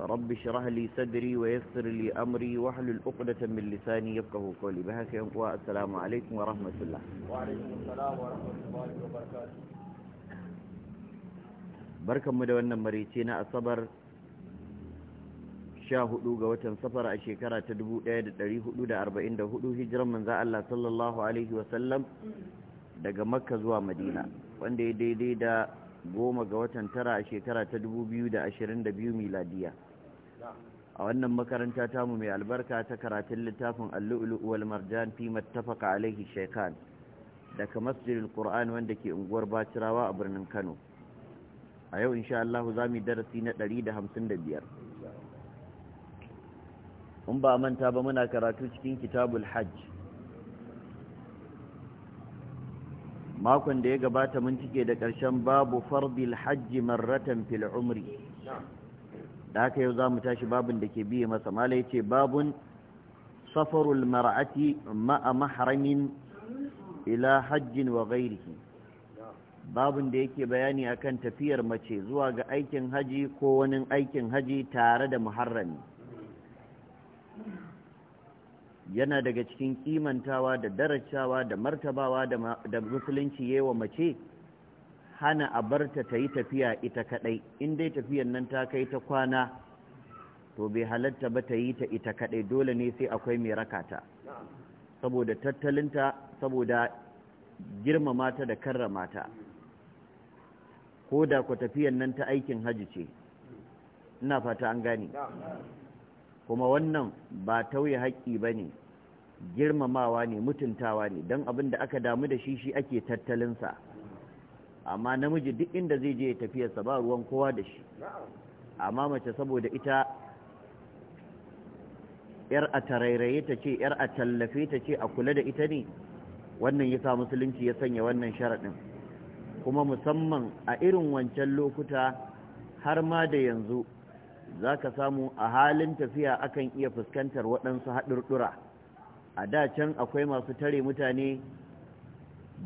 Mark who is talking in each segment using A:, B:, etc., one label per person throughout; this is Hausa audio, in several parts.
A: rabbi شرح لي صدري ويسر لي أمري min عقدة من لساني يفقه قولي بهاك ينقوى السلام عليكم ورحمة الله وعليكم السلام wa الله barkan mu da wannan marice na asabar 14 ga watan safar a shekara ta 1444 hijiran manzo Allah sallallahu alaihi sallam daga makka zuwa madina wanda ya daidai da goma ga watan tara a shekara ta 2022 miladiya a wannan makaranta tamu mai albarka ta karatun littafin allu'ulu marjan fi mattafaka alaihi shekan daga masjidin qur'an wanda ke unguwar bacirawa a birnin kano a yau insha Allah za mu darasi na ɗari da hamsin biyar. in ba manta ba muna karatu cikin kitabul hajj makon da ya gabata mun cike da ƙarshen babu fardil hajji marratan fil umri da haka yau za mu tashi babin da ke biye masa mala ya ce babun safarul mar'ati ma'a mahramin ila hajjin wa ghairihi babun da yake bayani akan tafiyar mace zuwa ga aikin haji ko wani aikin haji tare da muharrami yana daga cikin kimantawa da darajawa da martabawa da musulunci yayi wa mace hana a barta ta yi tafiya ita kadai in dai tafiyan nan ta kai ta kwana to bai halatta ba ta yi ta ita kadai dole ne sai akwai mai rakata saboda tattalinta saboda girmamata da karramata ko da ku tafiyan nan ta aikin hajji ce ina fata an gane kuma wannan ba tauye haƙƙi ba ne girmamawa ne mutuntawa ne don abin da aka damu da shi shi ake tattalinsa amma namiji duk inda zai je tafiyarsa ba ruwan kowa da shi amma mace saboda ita yar a tarairaye ta ce yar a tallafe ta ce a kula da ita ne wannan ya sa musulunci ya sanya wannan sharaɗin kuma musamman a irin wancan lokuta har ma da yanzu za ka samu a halin tafiya akan iya fuskantar waɗansu haɗurɗura a da can akwai masu tare mutane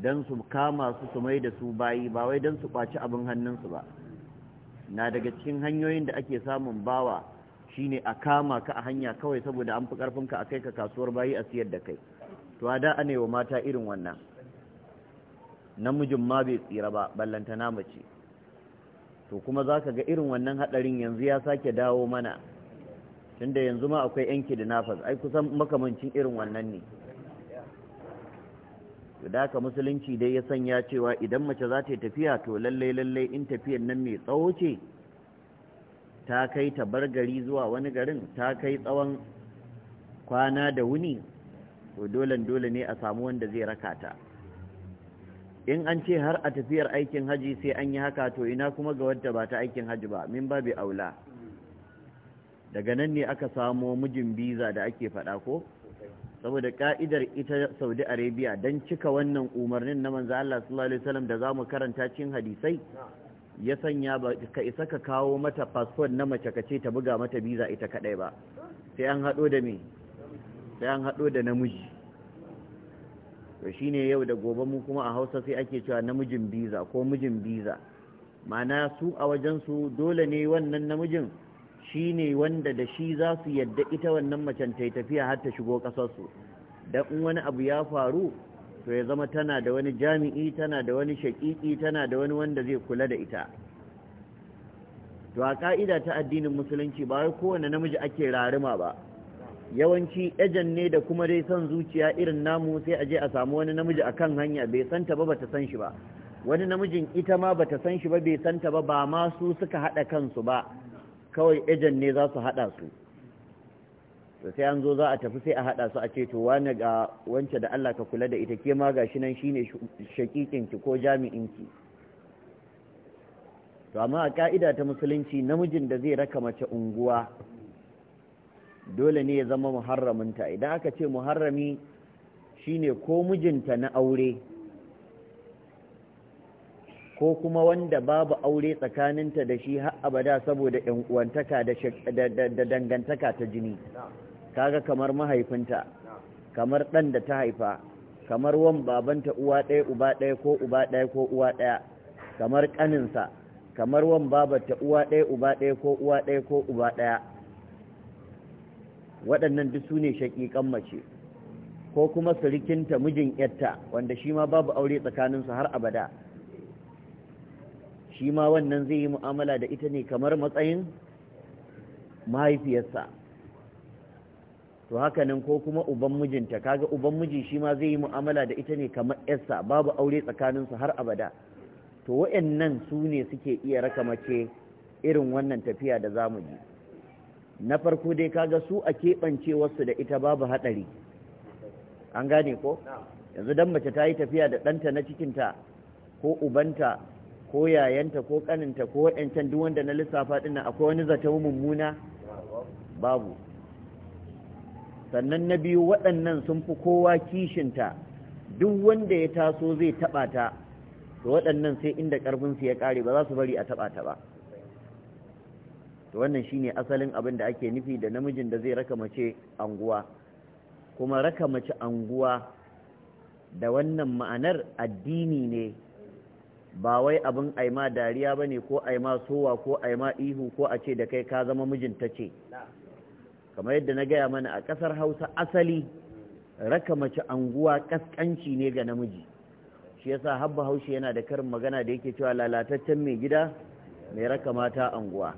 A: don su kama su su mai da su bayi ba wai don su ɓaci abin hannunsu ba na daga cikin hanyoyin da ake samun bawa shine a kama ka a hanya kawai saboda an fi ƙarfinka a kai ka kasuwar bayi a siyar da kai to a da ana yi wa mata irin wannan namijin ma bai tsira ba ballantana mace to kuma za ka ga irin wannan haɗarin yanzu ya sake dawo mana tunda yanzu ma akwai yanki da nafas ai kusan makamancin irin wannan ne da haka musulunci dai ya sanya cewa idan mace za ta yi tafiya to lallai lallai in tafiyar nan mai tsawo ce ta kai ta bar gari zuwa wani garin ta kai tsawon kwana da wuni to dole dole ne a samu wanda zai raka ta in an ce har a tafiyar aikin haji sai an yi haka to ina kuma ga wadda ba ta aikin haji ba min babu aula daga nan ne aka samo mijin biza da ake faɗa ko saboda ka'idar ita saudi arabia don cika wannan umarnin na manzo Allah sallallahu alaihi wasallam da zamu karanta cikin hadisai ya sanya ba ka isa ka kawo mata passport na mace kace ta buga mata biza ita kadai ba sai an hado da me sai an hado da namiji to ne yau da gobe mu kuma a hausa sai ake cewa namijin biza ko mijin biza mana su a wajensu dole ne wannan namijin shi ne wanda da shi za su yadda ita wannan macen ta yi tafiya har ta shigo ƙasarsu da in wani abu ya faru to ya zama tana da wani jami'i tana da wani shaƙiƙi tana da wani wanda zai kula da ita to a ka'ida ta addinin musulunci ba wai kowane namiji ake rarima ba yawanci ejan ne da kuma dai son zuciya irin namu sai a je a samu wani namiji a kan hanya bai santa ba bata san shi ba wani namijin ita ma bata san shi ba bai santa ba ba ma su suka haɗa kansu ba kawai ejan ne za su haɗa su to sai an zo za a tafi sai a haɗa su a ce to wani ga wance da Allah ka kula da ita ke ma shi nan shine shakikinki ko jami'inki to amma a ka'ida ta musulunci namijin da zai raka mace unguwa dole ne ya zama muharraminta idan aka ce muharrami shine ko mijinta na aure ko kuma wanda babu aure tsakaninta da shi har abada saboda ɗan uwantaka da dangantaka ta jini kaga kamar mahaifinta kamar ɗan da ta haifa kamar wan babanta uwa ɗaya uba ɗaya ko uba ɗaya ko uwa ɗaya kamar ƙaninsa kamar wan babarta uwa ɗaya uba ɗaya ko uwa ɗaya ko uba ɗaya waɗannan duk su ne shaƙiƙan mace ko kuma surikinta mijin yatta wanda shi ma babu aure tsakaninsu har abada shi ma wannan zai yi mu'amala da ita ne kamar matsayin mahaifiyarsa to haka nan ko kuma uban mijinta kaga uban miji shi ma zai yi mu'amala da ita ne kamar yarsa babu aure tsakaninsu har abada to wa'annan su ne suke iya raka mace irin wannan tafiya da zamu yi. na farko dai ka ga su a keɓance wasu da ita babu haɗari an gane ko yanzu don mace ta yi tafiya da ɗanta na cikinta ko ubanta ko yayanta ko ƙaninta ko waɗancan duk wanda na lissafa ɗin akwai wani zata mummuna babu sannan na biyu waɗannan sun fi kowa kishinta duk wanda ya taso zai taɓa ta waɗannan sai inda ƙarfinsu ya ƙare ba za su bari a taɓa ta ba to wannan shine asalin abin da ake nufi da namijin da zai raka mace anguwa kuma raka mace anguwa da wannan ma'anar addini ne ba wai abin aima dariya ba ne ko aima sowa ko aima ihu ko a ce da kai ka zama mijinta ce kamar yadda na gaya mana a ƙasar hausa asali raka mace anguwa ƙasƙanci ne ga namiji shi yasa habba haushi yana da karin magana da yake cewa lalataccen mai gida mai raka mata anguwa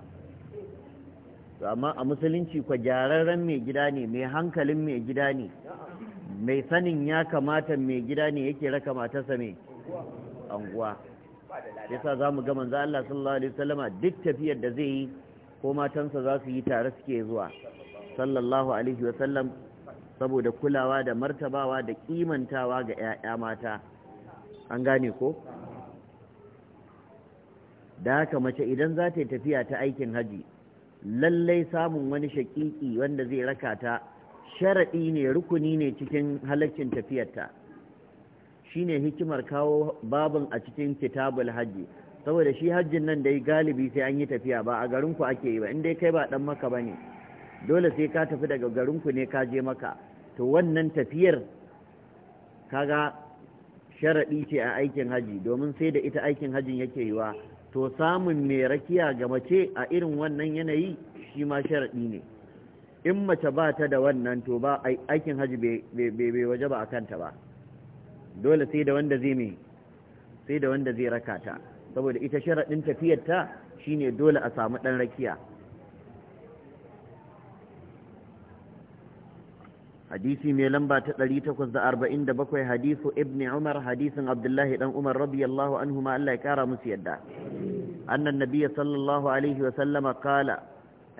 A: to amma a musulunci kwa gyararren mai gida ne mai hankalin mai gida ne mai sanin ya kamata mai gida ne yake raka matarsa mai anguwa yasa za mu ga manzo Allah sallallahu alaihi wasallama duk tafiyar da zai yi ko matansa za su yi tare suke zuwa sallallahu alaihi wasallam saboda kulawa da martabawa da kimantawa ga 'ya'ya mata an gane ko da haka mace idan za ta yi tafiya ta aikin haji lallai samun wani shaƙiƙi wanda zai raka ta sharaɗi ne rukuni ne cikin halaccin tafiyarta shine hikimar kawo babin a cikin kitabul hajji saboda shi hajjin nan da dai galibi sai an yi tafiya ba a garinku ake yi ba in dai kai ba dan maka ba ne dole sai ka tafi daga garinku ne ka je maka to wannan tafiyar kaga sharaɗi ce a aikin haji domin sai da ita aikin hajjin yake yiwa to samun mai rakiya ga mace a irin wannan yanayi shi ma sharaɗi ne in mace ba ta da wannan to ba aikin hajji bai waje ba a kanta ba dole sai da wanda zai mai sai da wanda zai raka ta saboda ita sharaɗin tafiyarta shine dole a samu ɗan rakiya hadisi mai lamba ta 847 hadisu ibn umar hadisin abdullahi dan umar radiyallahu anhu ma Allah ya kara musu yadda annan nabiyyi sallallahu alaihi wa sallama qala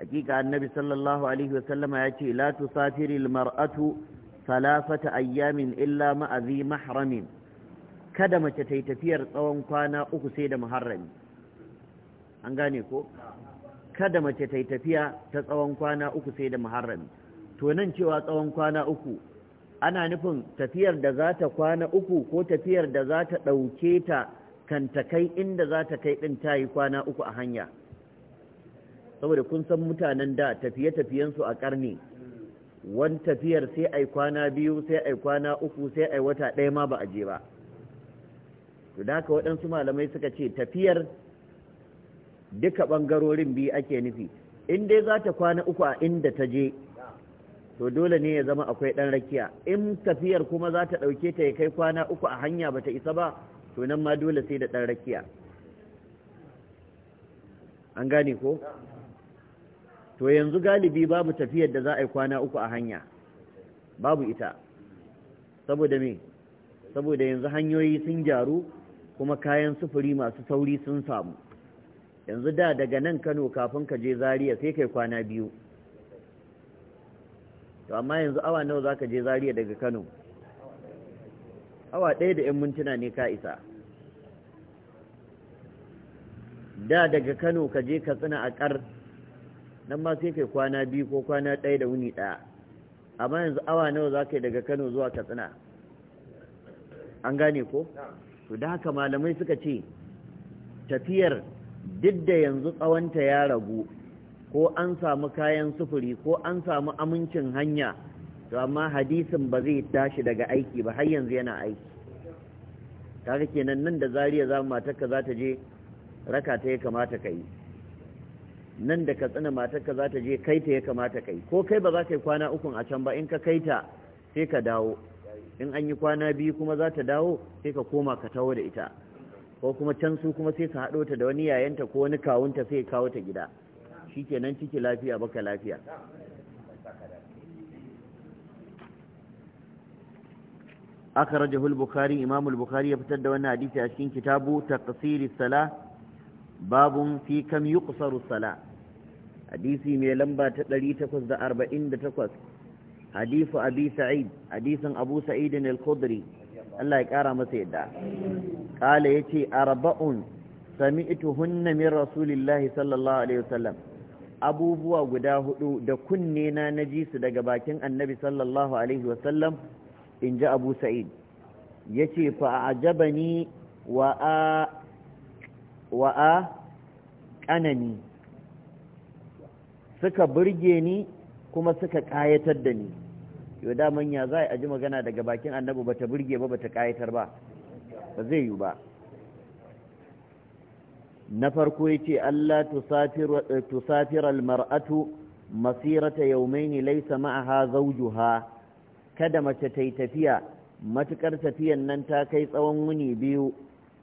A: hakika annabi sallallahu alaihi wa sallama yace la tusafiri almar'atu thalathata ayyamin illa ma'a dhi mahramin kada mace ta yi tafiyar tsawon kwana uku sai da muharrami an gane ko kada mace ta yi tafiya ta tsawon kwana uku sai da muharrami to nan cewa tsawon kwana uku ana nufin tafiyar da za ta kwana uku ko tafiyar da za ta ɗauke ta kan ta kai inda za ta kai ɗin ta yi kwana uku a hanya saboda kun san mutanen da tafiye-tafiyensu a ƙarni wani tafiyar sai ai kwana biyu sai ai kwana uku sai ai wata ɗaya ma ba a je ba to da haka waɗansu malamai suka ce tafiyar duka ɓangarorin biyu ake nufi in dai za ta kwana uku a inda ta je to dole ne ya zama akwai ɗan rakiya in tafiyar kuma za ta ɗauke ta ya kai kwana uku a hanya ba ta isa ba to nan ma dole sai da ɗan rakiya an gane ko to yanzu galibi babu tafiyar da za a yi kwana uku a hanya babu ita saboda me saboda yanzu hanyoyi sun gyaru kuma kayan sufuri masu sauri sun samu yanzu da daga nan kano kafin ka je zariya sai kai kwana biyu to amma yanzu awa nawa zaka je Zaria daga Kano awa ɗaya da ƴan mintuna ne ka isa da daga Kano ka je Katsina a ƙar nan ma sai kai kwana biyu ko kwana ɗaya da wuni ɗaya amma yanzu awa nawa za yi daga Kano zuwa Katsina an gane ko? to da haka malamai suka ce tafiyar duk da yanzu tsawonta ya ragu ko an samu kayan sufuri ko an samu amincin hanya to amma hadisin ba zai tashi daga aiki ba har yanzu yana aiki kaga kenan nan da zariya za matarka za ta je raka ta ya kamata ka yi nan da ka tsina matarka za ta je kai ta ya kamata ka yi ko kai ba za ka yi kwana ukun a can ba in ka kai ta sai ka dawo in an yi kwana biyu kuma za ta dawo sai ka koma ka taho da ita ko kuma can su kuma sai su haɗo ta da wani yayanta ko wani kawunta sai kawo ta gida shikenan ciki lafiya baka lafiya aka raja al-bukhari imam bukhari ya fitar da wannan hadisi a cikin kitabu ta as-sala babu fi kam yuqsaru as-sala hadisi mai lamba ta takwas hadisu abi sa'id hadisin abu sa'id da khudri Allah ya kara masa yadda qala yace arba'un hunna min rasulillahi sallallahu alaihi wasallam abubuwa guda hudu da kunne na naji su daga bakin annabi sallallahu alaihi wasallam in ji abu sa'id ya ce wa a ƙanani suka burge ni kuma suka ƙayatar da ni yau daman ya za a ji magana daga bakin annabi ba ta burge ba ba ta ƙayatar ba ba zai yi ba na farko yace Allah tusafir maratu masirata yawmayn laysa ma'aha zawjuha kada mace ta yi tafiya matukar tafiyan nan ta kai tsawon wuni biyu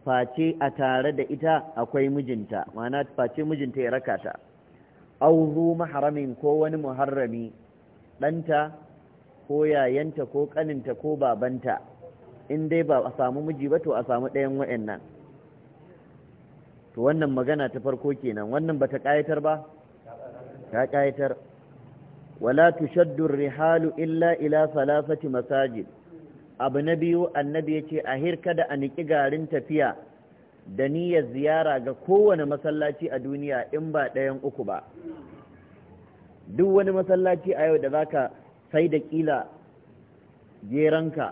A: face a tare da ita akwai mijinta ma'ana face mijinta ya raka ta auzu maharamin ko wani muharrami ɗanta ko yayanta ko ƙaninta ko babanta in dai ba a samu miji ba to a samu ɗayan wa'annan to wannan magana ta farko kenan wannan bata kayatar ba ta kayatar wala tushaddu rihalu illa ila salasati masajid abu na biyu annabi yace a hirka da aniki garin tafiya da niyyar ziyara ga kowane masallaci a duniya in ba ɗayan uku ba duk wani masallaci a yau da zaka sai da kila jeranka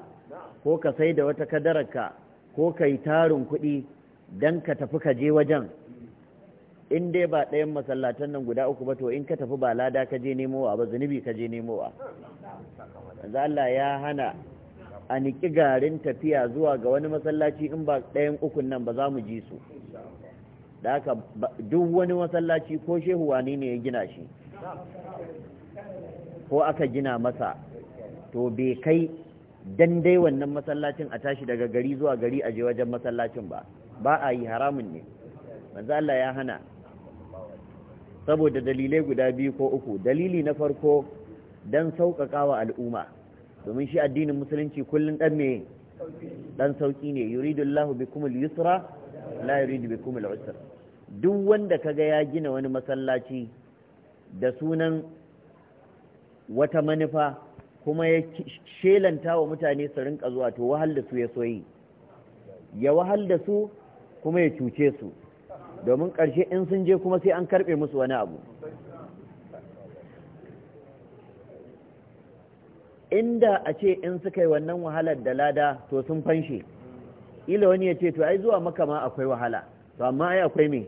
A: ko ka sai da wata kadararka ko kai tarun tarin kuɗi don ka tafi ka je wajen in dai ba ɗayan masallatan nan guda uku ba to in ka tafi ba lada ka je nemowa ba zunubi ka je nemowa yanzu Allah ya hana a niki garin tafiya zuwa ga wani masallaci in ba ɗayan ukun nan ba za mu ji su da haka duk wani masallaci ko shehu wani ne ya gina shi ko aka gina masa to bai kai dan dai wannan masallacin a tashi daga gari zuwa gari a je wajen masallacin ba ba a yi haramun ne manzo Allah ya hana saboda dalilai guda biyu ko uku dalili na farko dan sauƙaƙawa al'umma domin shi addinin musulunci kullun dan me dan sauki ne yuridullahu bikumul yusra la yuridu bikumul usra duk wanda kaga ya gina wani masallaci da sunan wata manufa kuma ya shelanta wa mutane su rinka zuwa to wahal da su ya soyi ya wahal da su kuma ya cuce su domin ƙarshe in sun je kuma sai an karɓe musu wani abu inda a ce in suka yi wannan wahalar da lada to sun fanshe ila wani ya ce to ai zuwa maka ma akwai wahala to amma ai akwai me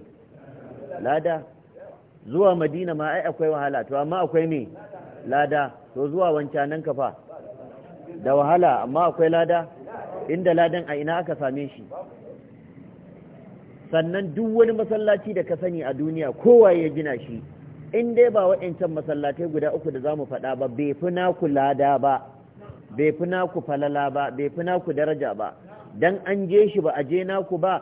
A: lada zuwa madina ma ai akwai wahala to amma akwai me lada to zuwa wancanan kafa da wahala amma akwai lada inda ladan a ina aka same shi sannan duk wani masallaci da ka sani a duniya kowa ya gina shi in dai ba waɗancan masallatai guda uku da za mu faɗa ba bai fi naku lada ba bai fi naku falala ba bai fi naku daraja ba dan an je shi ba a je naku ba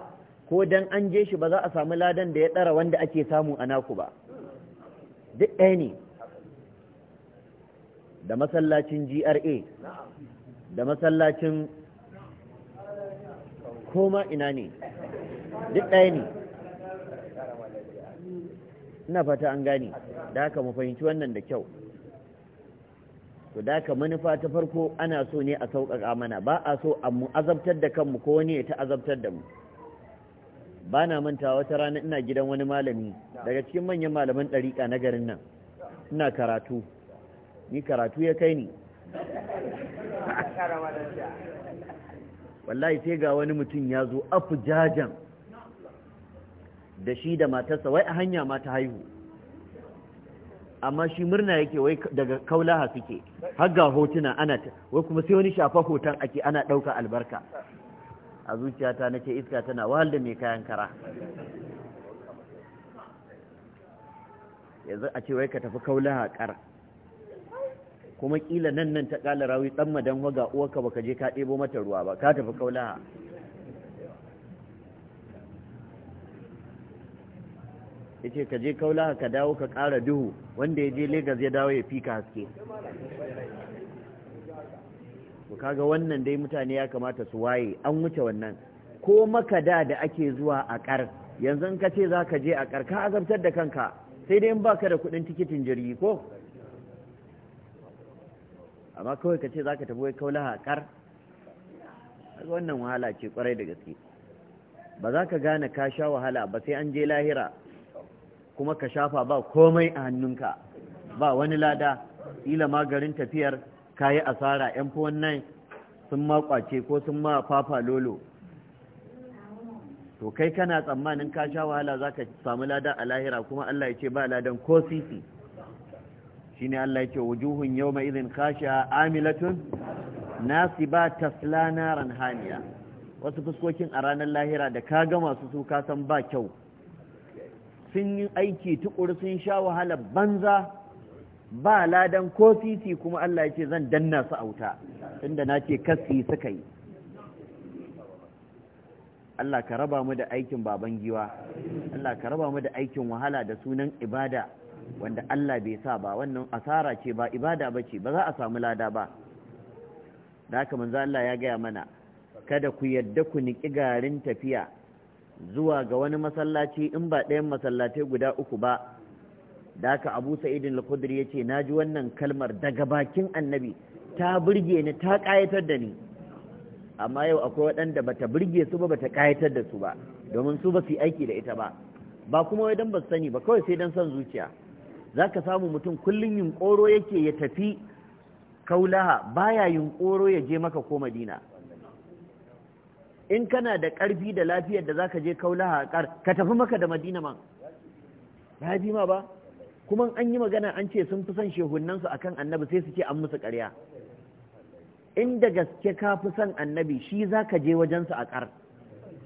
A: ko dan an je shi ba za a samu ladan da ya ɗara wanda ake samu a naku ba duk ɗaya ne da masallacin GRA da masallacin koma ina ne duk ɗaya ne ina fata an gane da haka mu fahimci wannan da kyau to da haka manufa ta farko ana so ne a sauƙaƙa mana ba a so a mu azabtar da kanmu ko wani ya ta azabtar da mu ba na manta wata rana ina gidan wani malami daga cikin manyan malaman ɗariƙa na garin nan ina karatu ni karatu ya kai ni wallahi sai ga wani mutum ya zo afu jajan da shi da matarsa wai a hanya ma ta haihu amma shi murna yake wai daga kaulaha suke har ga hotuna ana wai kuma sai wani shafa hoton ake ana ɗauka albarka a zuciyata nake iska tana wahal da mai kayan kara yanzu a ce wai ka tafi kaulaha kar kuma kila nan nan ta kala rawi dan madan waga uwarka baka je ka ɗebo mata ruwa ba ka tafi kaulaha ya ce ka je kaulaha ka dawo ka kara duhu wanda ya je Legas ya dawo ya fi ka haske kaga wannan dai mutane ya kamata su waye an wuce wannan ko makada da ake zuwa a ƙar yanzu ka ce za ka je a ƙar ka azabtar da kanka sai dai in baka da kuɗin tikitin jirgi ko amma kawai ka ce za ka tafi wai kaulaha a ƙar wannan wahala ce kwarai da gaske ba za ka gane ka sha wahala ba sai an je lahira kuma ka shafa ba komai a hannunka ba wani lada ila ma garin tafiyar kayi asara yan fuwan nan sun ma kwace ko sun ma fafa lolo to kai kana tsammanin ka sha wahala za ka samu lada a lahira kuma Allah ya ce ba ladan ko sisi shi shine Allah ya ce wujuhun izin kashi a amilatun ba tasla naran haniya wasu fuskokin a ranar lahira da ka gama masu su kasan ba kyau sun yi aiki tukuru sun sha wahala banza ba ladan ko sisi kuma Allah ya ce zan danna su auta tunda na ce kasi suka yi Allah ka raba mu da aikin baban Allah ka raba mu da aikin wahala da sunan ibada wanda Allah bai sa ba wannan asara ce ba ibada ba ce ba za a samu lada ba da haka manzo Allah ya gaya mana kada ku yadda ku niki garin tafiya zuwa ga wani masallaci in ba ɗayan masallatai guda uku ba da aka abu sa'idin al ce na ji wannan kalmar daga bakin annabi ta burge ni ta ƙayatar da ni amma yau akwai waɗanda ba ta burge su ba ta ƙayatar da su ba domin su ba su yi aiki da ita ba ba kuma wai don ba sani ba kawai sai don son zuciya Za ka samu mutum kullun yunkoro yake ya tafi kaulaha baya yin ƙoro ya je maka ko madina in kana da ƙarfi da lafiyar da za ka je kaulaha a ƙar ka tafi maka da madina ma ya fi ma ba kuma an yi magana an ce sun fi son shehunansu a kan annabi sai su ce an musu ƙarya in da gaske ka fi son annabi shi za ka je wajensu a ƙar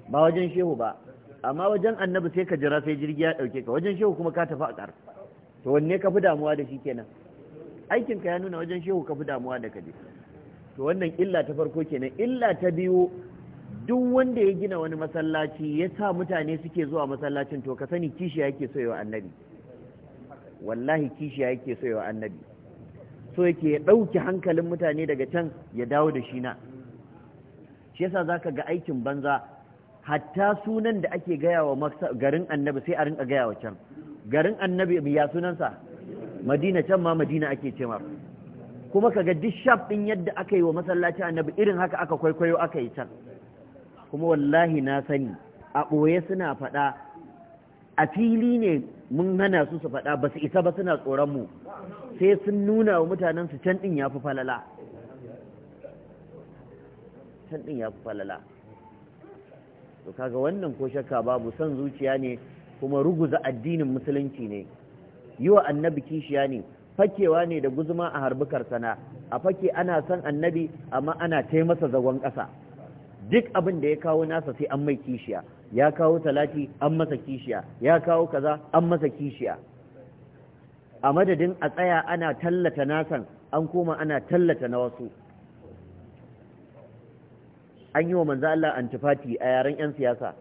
A: ba wajen shehu ba amma wajen annabi sai ka jira sai jirgi ya ɗauke ka wajen shehu kuma ka tafi a ƙar to wanne ka fi damuwa da shi kenan aikinka ya nuna wajen shehu ka fi damuwa da ka je to wannan illa ta farko kenan illa ta biyu duk wanda ya gina wani masallaci ya sa mutane suke zuwa masallacin to ka sani kishiya yake so annabi wallahi kishiya yake so annabi so yake ya ɗauki hankalin mutane daga can ya dawo da shi na shi yasa zaka ga aikin banza hatta sunan da ake gaya wa garin annabi sai a rinka gaya wa can garin annabi ya sunansa madina can ma madina ake cewa kuma kaga duk shaf ɗin yadda aka yi wa masallaci annabi irin haka aka kwaikwayo aka yi can kuma wallahi na sani a ɓoye suna faɗa a fili ne mun hana su su faɗa ba su isa ba suna tsoron mu sai sun nuna wa mutanen su can ɗin ya fi falala can ɗin ya fi falala to kaga wannan ko shakka babu son zuciya ne kuma ruguza addinin musulunci ne yi wa annabi kishiya ne fakewa ne da guzuma a harbukar sana a fake ana son annabi amma ana taimasa zagon ƙasa duk abin da ya kawo nasa sai an mai kishiya ya kawo talati an masa kishiya ya kawo kaza an masa kishiya a madadin a tsaya ana tallata nasan an koma ana tallata na wasu an yi wa manza Allah antifati a yaren 'yan siyasa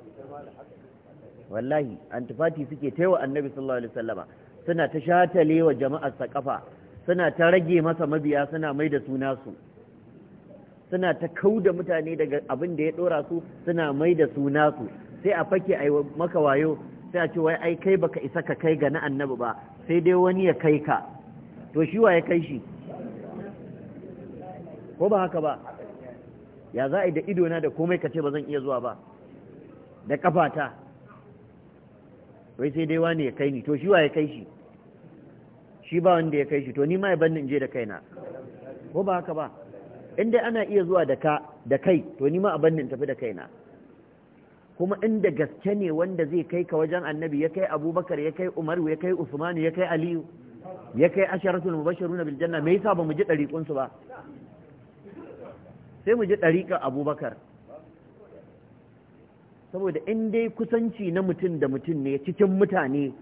A: wallahi antifati suke taiwa annabi sallallahu alaihi wasallama suna ta shatalewa jama'ar sa kafa suna ta rage masa mabiya suna mai da su suna ta kau da mutane daga abin da ya dora su suna mai da su nasu sai a fake a maka wayo sai a ce wai ai kai baka isa ka kai ga na annabi ba sai dai wani ya kai ka to shi wa ya kai shi ko ba haka ba ya za a yi da idona da komai ka ce ba zan iya zuwa ba da kafata wai sai dai wani ya kai ni to shi wa ya kai shi shi ba wanda ya kai shi to ni ma ya bannin je da kaina ko ba haka ba in dai ana iya zuwa da da kai to ni ma a bannin tafi da kaina kuma inda gaske ne wanda zai kai ka wajen annabi ya kai abubakar ya kai umaru ya kai usmanu ya kai aliyu ya kai asharatul mubashiruna bil janna me yasa ba mu ji dariƙun ba sai mu ji dariƙa abubakar saboda in dai kusanci na mutum da mutum ne cikin mutane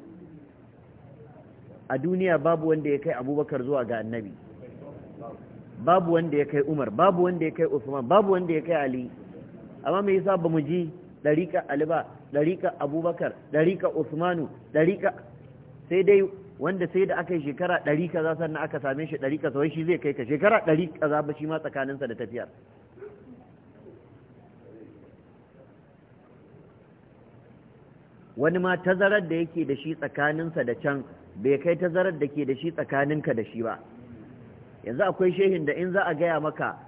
A: a duniya babu wanda ya kai abubakar zuwa ga annabi babu wanda ya kai umar babu wanda ya kai usman babu wanda ya kai ali amma me yasa ba mu ji dariqa ali ba ɗariƙa abubakar dariqa usmanu dariqa sai dai wanda sai da aka yi shekara ɗari kaza sannan aka same shi ɗari kaza wai shi zai kai ka shekara ɗari kaza ba shi ma tsakaninsa da tafiyar wani ma tazarar da yake da shi tsakaninsa da can bai kai tazarar da ke da shi tsakaninka da shi ba yanzu akwai shehin da in za a gaya maka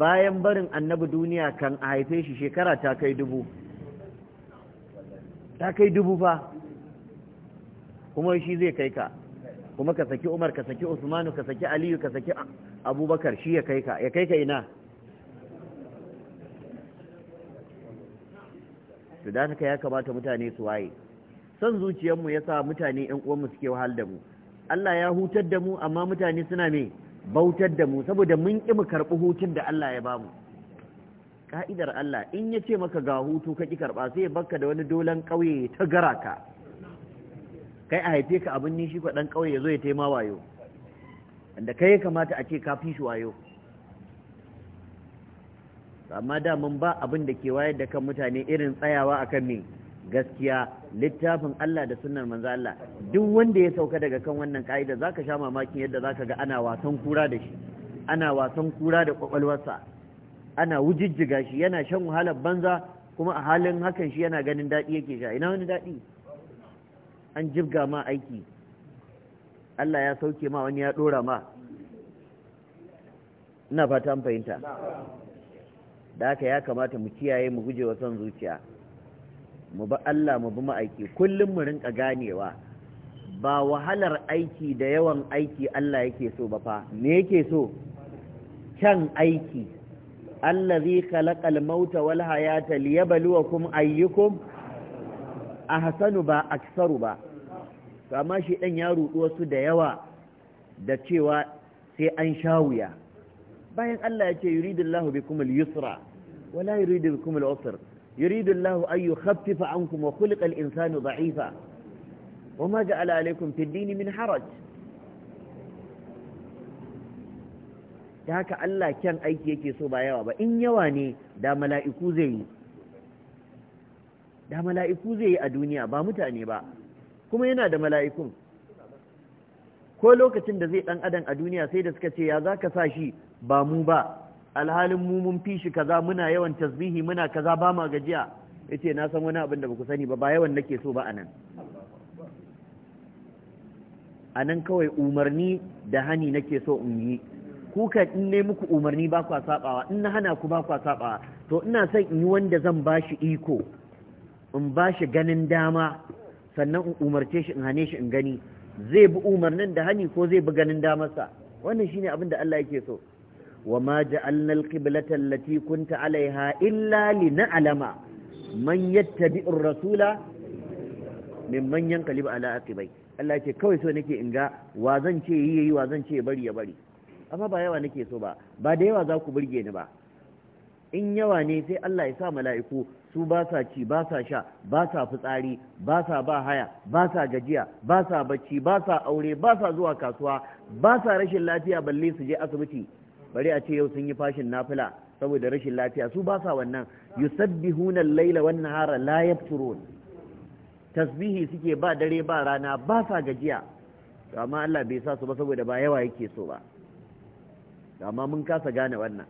A: bayan barin annabi duniya kan a haife shi shekara ta kai dubu ta kai dubu fa kuma shi zai kai ka kuma ka saki umar ka saki usmanu ka saki aliyu ka saki abubakar shi ya kai ka ya kai ka ina sudanaka da ya kamata mutane su waye son zuciyarmu ya sa mutane 'yan uwanmu suke wahal da mu Allah ya hutar da mu amma mutane suna me bautar da mu saboda mun ƙi mu karɓi hutun da Allah ya bamu ka'idar Allah in ya ce maka ga hutu ka ƙi karɓa sai ya baka da wani dolan ƙauye ta gara ka kai a haife ka abin nishi kwa ɗan ƙauye ya zo ya taima wayo wanda kai ya kamata a ce ka fi shi wayo amma da mun ba abin da ke wayar da kan mutane irin tsayawa akan me gaskiya littafin Allah da sunnar manzo Allah duk wanda ya sauka daga kan wannan ka'ida zaka sha mamakin yadda zaka ga ana wasan kura da shi ana wasan kura da kwakwalwarsa ana wujijjiga shi yana shan wahalar banza kuma a halin hakan shi yana ganin daɗi yake sha ina wani daɗi an jibga ma aiki Allah ya sauke ma wani ya ɗora ma ina fata an fahimta da haka ya kamata mu kiyaye mu guje wa son zuciya mu bi Allah mu bi ma'aiki kullum mu rinka ganewa ba wahalar aiki da yawan aiki Allah yake so ba fa me yake so kyan aiki allazi khalaqal mauta wal hayata liyabluwakum ayyukum ahsanu ba aksaru ba amma shi dan ya rudu wasu da yawa da cewa sai an sha wuya bayan Allah ya ce yuridullahu bikumul yusra wala yuridu bikumul usra يريد الله أن يخفف عنكم وخلق الإنسان ضعيفا وما جعل عليكم في الدين من حرج haka Allah kyan aiki yake so ba yawa ba in yawa ne da mala'iku zai yi da mala'iku zai yi a duniya ba mutane ba kuma yana da mala'ikun ko lokacin da zai ɗan adam a duniya sai da suka ce ya za ka sa shi ba mu ba alhalin mu mun fi shi kaza muna yawan tasbihi muna kaza ba ma gajiya yace na san wani abin da baku sani ba ba yawan nake so ba anan anan kawai umarni da hani nake so in yi kuka in ne muku umarni ba ku sabawa in na hana ku ba ku sabawa to ina son in yi wanda zan bashi iko in bashi ganin dama sannan in umarce shi in hane shi in gani zai bi umarnin da hani ko zai bi ganin damarsa wannan shine abin da Allah yake so وما جعلنا القبلة التي كنت عليها إلا لنعلم من يتبع الرسول ممن ينقلب على عقبيه Allah ce kawai so nake in ga wa zan ce yi yi wa zan ce bari ya bari amma ba yawa nake so ba ba da yawa za ku burge ni ba in yawa ne sai Allah ya sa mala'iku su ba sa ci ba sa sha ba sa fitsari ba sa ba haya ba sa gajiya ba sa bacci ba sa aure ba sa zuwa kasuwa ba sa rashin lafiya balle su je asibiti bari a ce yau sun yi fashin nafila saboda rashin lafiya su ba sa wannan yusabbihuna al-laila wan nahara la yafturun tasbihi suke ba dare ba rana ba sa gajiya amma Allah bai sa su ba saboda ba yawa yake so ba amma mun kasa gane wannan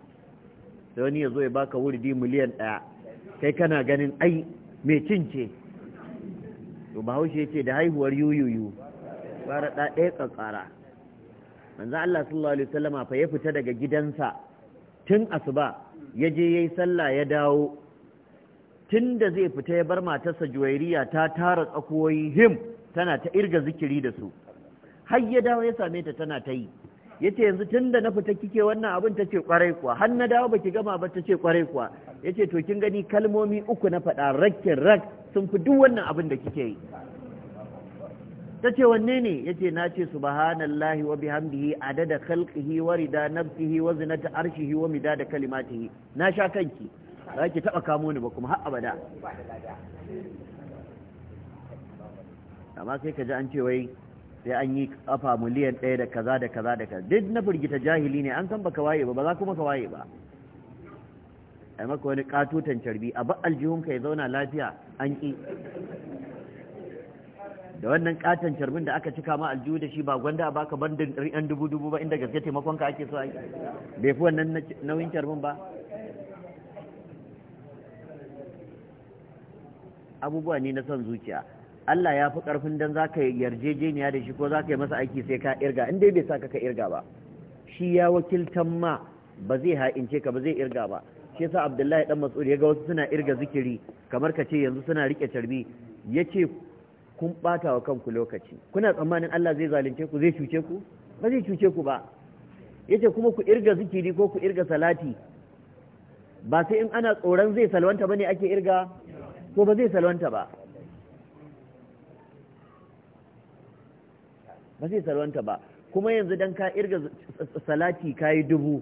A: sai wani ya zo ya baka wurdi miliyan ɗaya kai kana ganin ai mai cince to bahaushe ya ce da haihuwar yuyuyu bara ɗaya ƙaƙara manzo Allah sallallahu alaihi wasallama fa ya fita daga gidansa tun asuba ya je yayi sallah ya dawo tun da zai fita ya bar matarsa juwairiya ta tara tsakuwoyi him tana ta irga zikiri da su har ya dawo ya same ta tana ta yi yace yanzu tun da na fita kike wannan abin ta ce kwarai kuwa har na dawo baki gama ba ta ce kwarai kuwa yace to kin gani kalmomi uku na faɗa rakin rak sun fi duk wannan abin da kike yi ce wanne ne ya ce na ce subhanallahi wa bihamdihi adada khalqihi wa rida nafsihi wa zinata arshihi wa midada kalimatihi na sha kanki ba ki taba kamo ni ba kuma har abada amma sai ka ji an ce wai sai an yi kafa miliyan ɗaya da kaza da kaza da kaza duk na firgita jahili ne an san baka waye ba ba za kuma ka waye ba ai maka wani katutan carbi a ba aljihunka ya zauna lafiya an ki da wannan katon carbin da aka cika ma aljihu da shi ba gwanda a ka bandin ɗan dubu dubu ba inda gaske taimakon ka ake so ake bai fi wannan nauyin carbin ba abubuwa ne na son zuciya Allah ya fi karfin don za ka yarjejeniya da shi ko za ka yi masa aiki sai ka irga in dai bai sa ka irga ba shi ya wakiltan ma ba zai ha'ince ka ba zai irga ba shi yasa Abdullahi dan Mas'ud ya ga wasu suna irga zikiri kamar ka ce yanzu suna rike carbi yace kun bata wa kanku lokaci kuna tsammanin Allah zai zalunce ku zai cuce ku ba zai cuce ku ba yace kuma ku irga zikiri ko ku irga salati ba sai in ana tsoron zai salwanta bane ake irga ko ba zai salwanta ba ba zai salwanta ba kuma yanzu dan ka irga salati kai dubu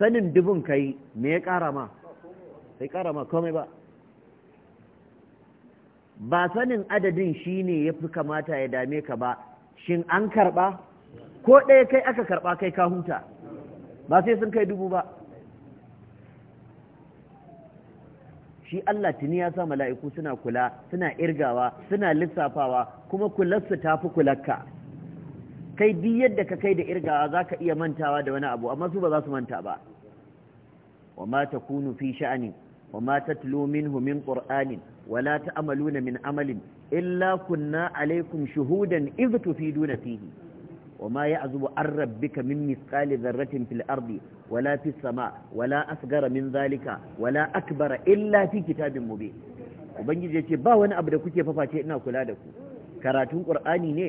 A: sanin dubun kai me ya kara ma sai kara ma komai ba ba sanin adadin shi ne ya fi kamata ya dame ka ba shin an karɓa ko ɗaya kai aka karɓa kai ka huta ba sai sun kai dubu ba shi Allah tuni ya sa mala'iku suna kula suna irgawa suna lissafawa kuma kularsu ta fi kularka kai duk yadda ka kai da irgawa za ka iya mantawa da wani abu amma su ba za su manta ba wa ma ta kunu fi sha'ani wa ma ta tulo min wala ta'maluna min amalin illa kunna alaikum shuhudan idh tufiduna fihi وما يعزب عن ربك من مثقال ذرة في الأرض ولا في السماء ولا أصغر من ذلك ولا أكبر إلا في كتاب مبين ubangiji ya ce ba wani abu da kuke faface ina kula da ku karatun qur'ani ne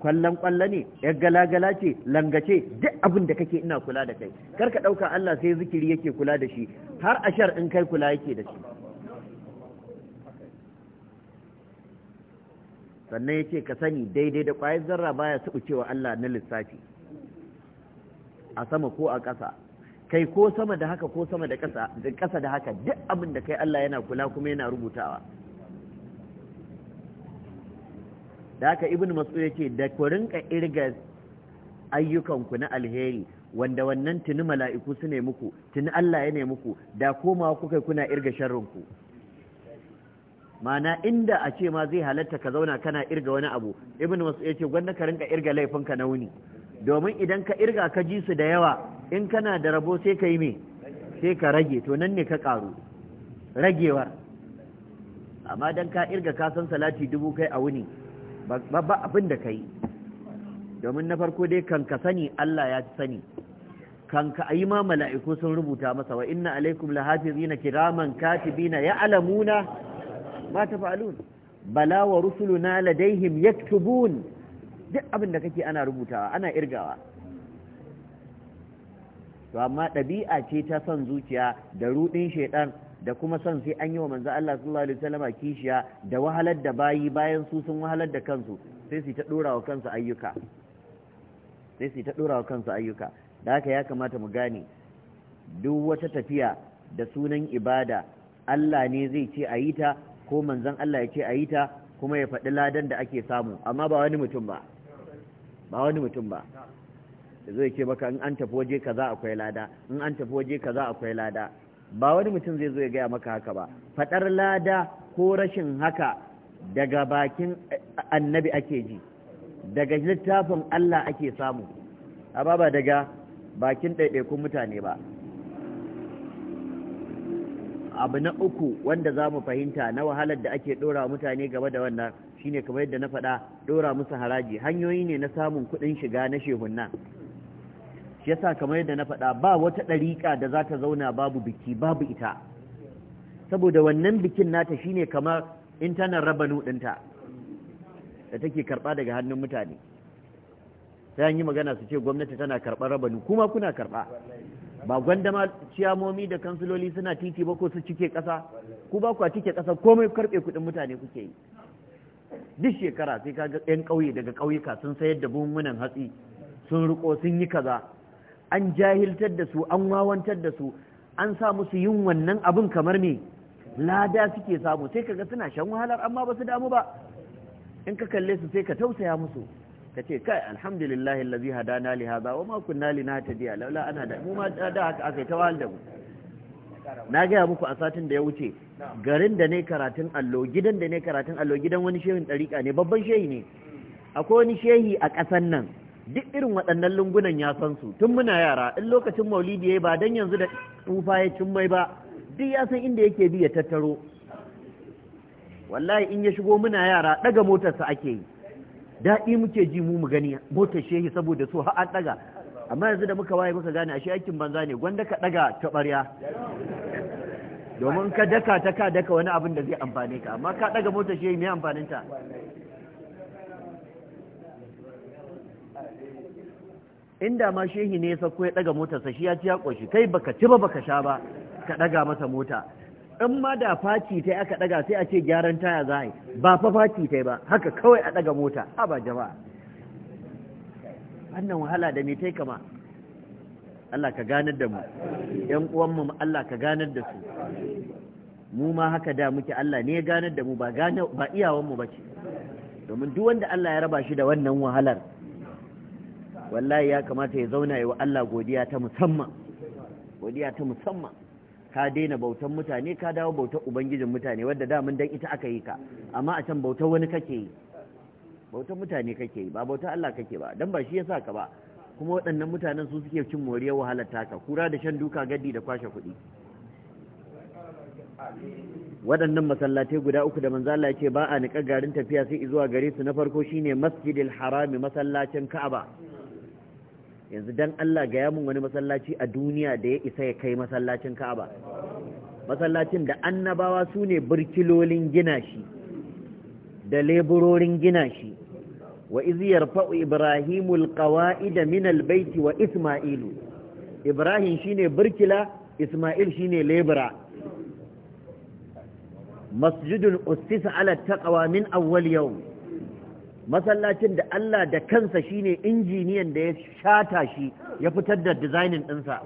A: kwallon kwallo ne yar gala ce langace duk abin da kake ina kula da kai kar ka ɗauka Allah sai zikiri yake kula da shi har ashar in kai kula yake da shi sannan ya ce ka sani daidai da kwayar zarra baya su cewa Allah na lissafi a sama ko a ƙasa kai ko sama da haka ko sama da ƙasa da ƙasa da haka duk abin da kai Allah yana kula kuma yana rubutawa da haka ibn mas'ud yake da ku rinka irga ayyukanku na alheri wanda wannan tuni mala'iku su ne muku tuni Allah ya ne muku da komawa kuka kuna irga sharrin ku mana inda a ce ma zai halatta ka zauna kana irga wani abu ibn masu ya ce gwanda ka rinka irga laifinka na wuni domin idan ka irga ka ji su da yawa in kana da rabo sai ka yi me sai ka rage to nan ne ka karu ragewar amma dan ka irga ka san salati dubu kai a wuni babba abin da ka yi domin na farko dai kan ka sani Allah ya sani kan ka ayi ma mala'iku sun rubuta masa wa inna alaikum lahafizina kiraman katibina ya'lamuna ma fa’alun bala wa na ladaihim yaktubun duk abin da kake ana rubutawa ana irgawa to amma ɗabi'a ce ta son zuciya da ruɗin shaidan da kuma son sai an yi wa manzo Allah sallallahu alaihi wasallam kishiya da wahalar da bayi bayan su sun wahalar da kansu sai su ta dora wa kansu ayyuka sai su ta dora wa kansu ayyuka da haka ya kamata mu gane duk wata tafiya da sunan ibada Allah ne zai ce a yi ta ko manzon Allah ya ce a yi ta kuma ya faɗi ladan da ake samu amma ba wani mutum ba ba wani mutum ba zai ce maka in an tafi waje kaza akwai lada in an tafi waje kaza akwai lada ba wani mutum zai zo ya gaya maka haka ba faɗar lada ko rashin haka daga bakin annabi ake ji daga littafin Allah ake samu amma ba daga bakin ɗaiɗaikun mutane ba abu na uku wanda za mu fahimta na wahalar da ake ɗora mutane gaba da wannan shine kamar yadda na faɗa ɗora musu haraji hanyoyi ne na samun kuɗin shiga na shehunna shi yasa kamar yadda na faɗa ba wata ɗariƙa da za ta zauna babu biki babu ita saboda wannan bikin nata shine kamar intanet rabanu nuɗinta da take karɓa daga hannun mutane ta yi magana su ce gwamnati tana karɓar rabanu kuma kuna karɓa ba gwandama ciyamomi da kansiloli suna titi ba ko su cike ƙasa ku ba cike ƙasa komai karɓe kuɗin mutane kuke yi duk shekara sai ka ga yan ƙauye daga ƙauyuka sun sayar da buhunan hatsi sun riko sun yi kaza an jahiltar da su an wawantar da su an sa musu yin wannan abin kamar me lada suke samu sai kaga suna shan wahalar amma ba su damu ba in ka kalle su sai ka tausaya musu ka ce kai alhamdulillah allazi hadana li hadha wa ma kunna linahtadiya laula ana da mu ma da haka aka ta wahal da mu na gaya muku a satin da ya wuce garin da ne karatun allo gidan da ne karatun allo gidan wani shehin dariƙa ne babban shehi ne akwai wani shehi a ƙasan nan duk irin waɗannan lungunan ya san su tun muna yara in lokacin maulidi ya ba dan yanzu da tufa ya cimmai ba duk ya san inda yake bi ya tattaro wallahi in ya shigo muna yara daga motarsa ake yi daɗi muke ji mu mu gani motar shehi saboda su har an ɗaga amma yanzu da muka waye muka gane ashe aikin banza ne gwanda ka ɗaga ɓarya. domin ka daka ta ka daka wani abin da zai amfane ka amma ka ɗaga motar shehi mai amfaninta inda ma shehi ne ya sauko ya ɗaga motarsa shi ya ci ya ƙoshi kai baka ci ba baka sha ba ka ɗaga masa mota in ma da faci ta aka daga sai a ce gyaran taya za a yi ba fa faci ta ba haka kawai a daga mota a ba jama'a wannan wahala da me ta kama Allah ka ganar da mu ‘yan uwanmu Allah ka ganar da su mu ma haka da muke Allah ne ya ganar da mu ba iyawanmu ba ce domin duk wanda Allah ya raba shi da wannan wahalar wallahi ya kamata ya zauna yi wa Allah godiya ta musamman godiya ta musamman ka daina bautan mutane ka dawo bautar ubangijin mutane wadda damun dan ita aka yi ka amma a can bautar wani kake yi bautar mutane kake yi ba bautar Allah kake ba dan ba shi yasa ka ba kuma waɗannan mutanen su suke cin moriyar wahalar taka kura da shan duka gaddi da kwashe kuɗi waɗannan masallatai guda uku da manzo Allah ya ce ba a niƙa garin tafiya sai zuwa gare su na farko shine Masjidil Harami masallacin Ka'aba yanzu dan Allah ga mun wani masallaci a duniya da ya isa ya kai masallacin Ka'aba masallacin da annabawa su ne birkilolin gina shi da leburorin gina shi wa iz yarfa'u ibrahimu alqawa'ida min albayt wa isma'ilu ibrahim shine birkila isma'il shine lebura masjidun Ustisa ala taqwa min awwal yawm masallacin da Allah da kansa shine injiniyan da ya shata shi ya fitar da dizainin ɗinsa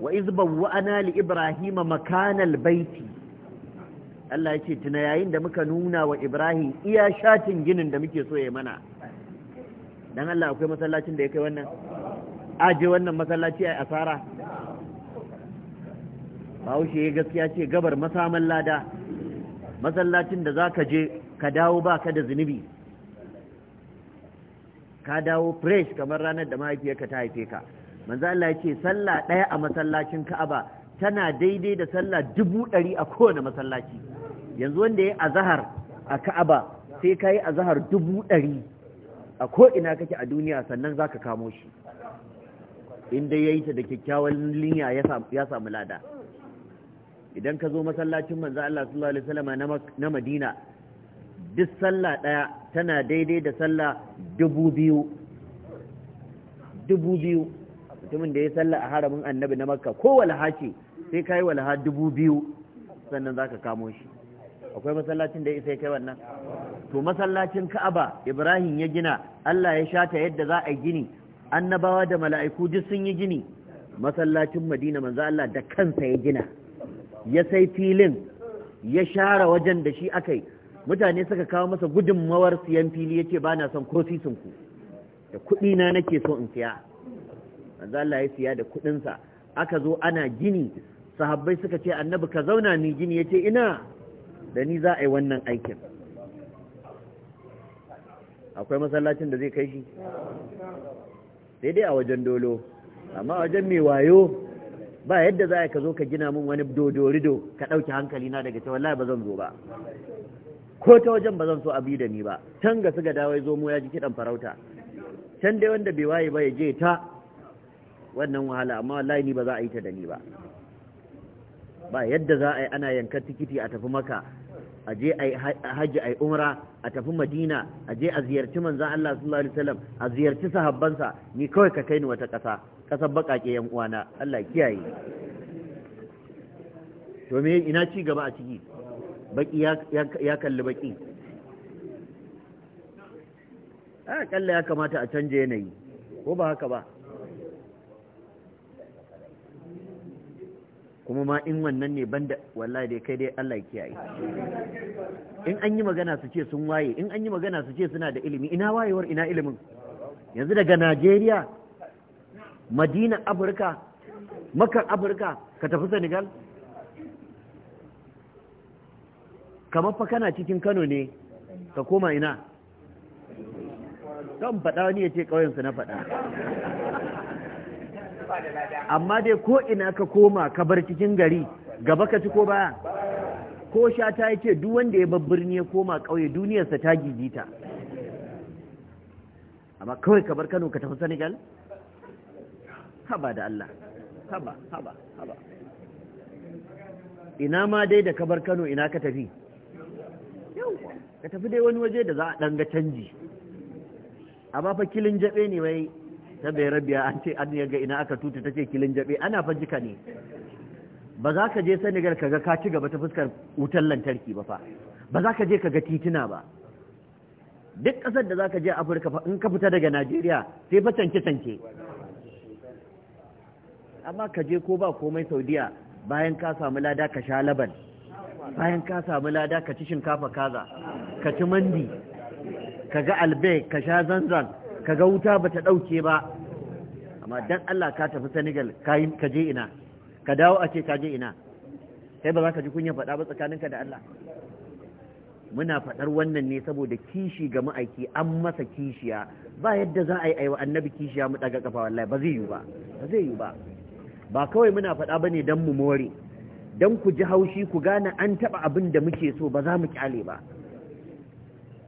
A: wa izban wa'ana li ibrahim makanal baiti Allah ya ce tuna yayin da muka nuna wa ibrahim iya shatin ginin da muke so ya mana dan Allah akwai masallacin da ya kai wannan aje wannan masallaci a asara Bahaushe ya gaskiya ce gabar masaman lada masallacin da za ka je ka dawo ba ka da zunubi ka dawo fresh kamar ranar da mahaifiyarka ta haife ka manzo Allah ya ce sallah ɗaya a masallacin Ka'aba tana daidai da sallah dubu ɗari a kowane masallaci yanzu wanda ya azahar a Ka'aba sai ka yi azahar dubu ɗari a ko ina kake a duniya sannan zaka kamo shi inda ya yi ta da kyakkyawan linya ya samu lada idan ka zo masallacin manzo Allah sallallahu alaihi wasallam na Madina duk sallah ɗaya tana daidai da sallah dubu biyu dubu biyu mutumin da ya sallah a haramin annabi na makka ko walha ce sai kayi walha dubu biyu sannan za ka kamo shi akwai masallacin da ya isa kai wannan to masallacin ka'aba ibrahim ya gina allah ya shata yadda za a gini annabawa da mala'iku duk sun yi gini masallacin madina manzo allah da kansa ya gina ya sai filin ya share wajen da shi akai mutane suka kawo masa gudunmawar siyan fili ya ce ba na son kosisin ku da kuɗi na nake so in siya manzo Allah ya siya da kuɗinsa aka zo ana gini sahabbai suka ce annabi ka zauna ni gini ya ce ina da ni za a yi wannan aikin akwai masallacin da zai kai shi daidai a wajen dolo amma wajen mai wayo ba yadda za ka zo ka gina min wani dodorido ka ɗauki hankali na daga cewa wallahi ba zan zo ba ko ta wajen ba zan so abi da ni ba can ga suka dawo zo mu ya ji kidan farauta can dai wanda bai waye ba ya je ta wannan wahala amma wallahi ni ba za a yi ta da ni ba ba yadda za a yi ana yankan tikiti a tafi maka a je a haji a umra a tafi madina a je a ziyarci manzan Allah sallallahu alaihi wasallam a ziyarci sahabban sa ni kawai ka kai ni wata kasa kasar bakake yan uwana Allah kiyaye to me ina ci gaba a ciki baki ya kalli baki a kalla ya kamata a canje yanayi ko ba haka ba kuma ma in wannan ne banda wallahi dai kai dai Allah ya kiyaye in an yi magana su ce sun waye in an yi magana su ce suna da ilimi ina wayewar ina ilimin yanzu daga Najeriya Madina Afirka Makar Afirka ka tafi Senegal kamar fa kana cikin kano ne ka koma ina kan faɗa wani ya ce ƙauyensu na faɗa amma dai ko ina ka koma ka bar cikin gari gaba ka ci ko baya ko sha ta ce duk wanda ya bar birni ya koma ƙauye duniyarsa ta gigita amma kawai ka bar kano ka tafi senegal haba da allah haba haba haba ina ma dai da ka bar kano ina ka tafi ka tafi dai wani waje da za a ɗan ga canji ba fa kilin jaɓe ne wai ta bai rabiya an ce an yaga ina aka tuta ta ce kilin jaɓe ana fa jika ne ba za ka je senegal ka ga ka ci gaba ta fuskar wutar lantarki ba fa ba za ka je ka ga tituna ba duk ƙasar da za ka je afirka fa in ka fita daga najeriya sai fa canke canke amma ka je ko ba komai saudiya bayan ka samu lada ka sha laban bayan ka samu lada ka ci shinkafa kaza ka ci mandi ka ga albe ka sha zanzan ka ga wuta bata ɗauke ba amma dan Allah ka tafi Senegal ka je ina ka dawo a ce ka je ina kai ba za ka ji kunya faɗa ba tsakaninka da Allah muna faɗar wannan ne saboda kishi ga ma'aiki an masa kishiya ba yadda za a yi aiwa annabi kishiya mu ɗaga kafa wallahi ba zai yi ba ba zai yi ba ba kawai muna faɗa ba ne don mu more don ku ji haushi ku gane an taɓa abin da muke so ba za mu kyale ba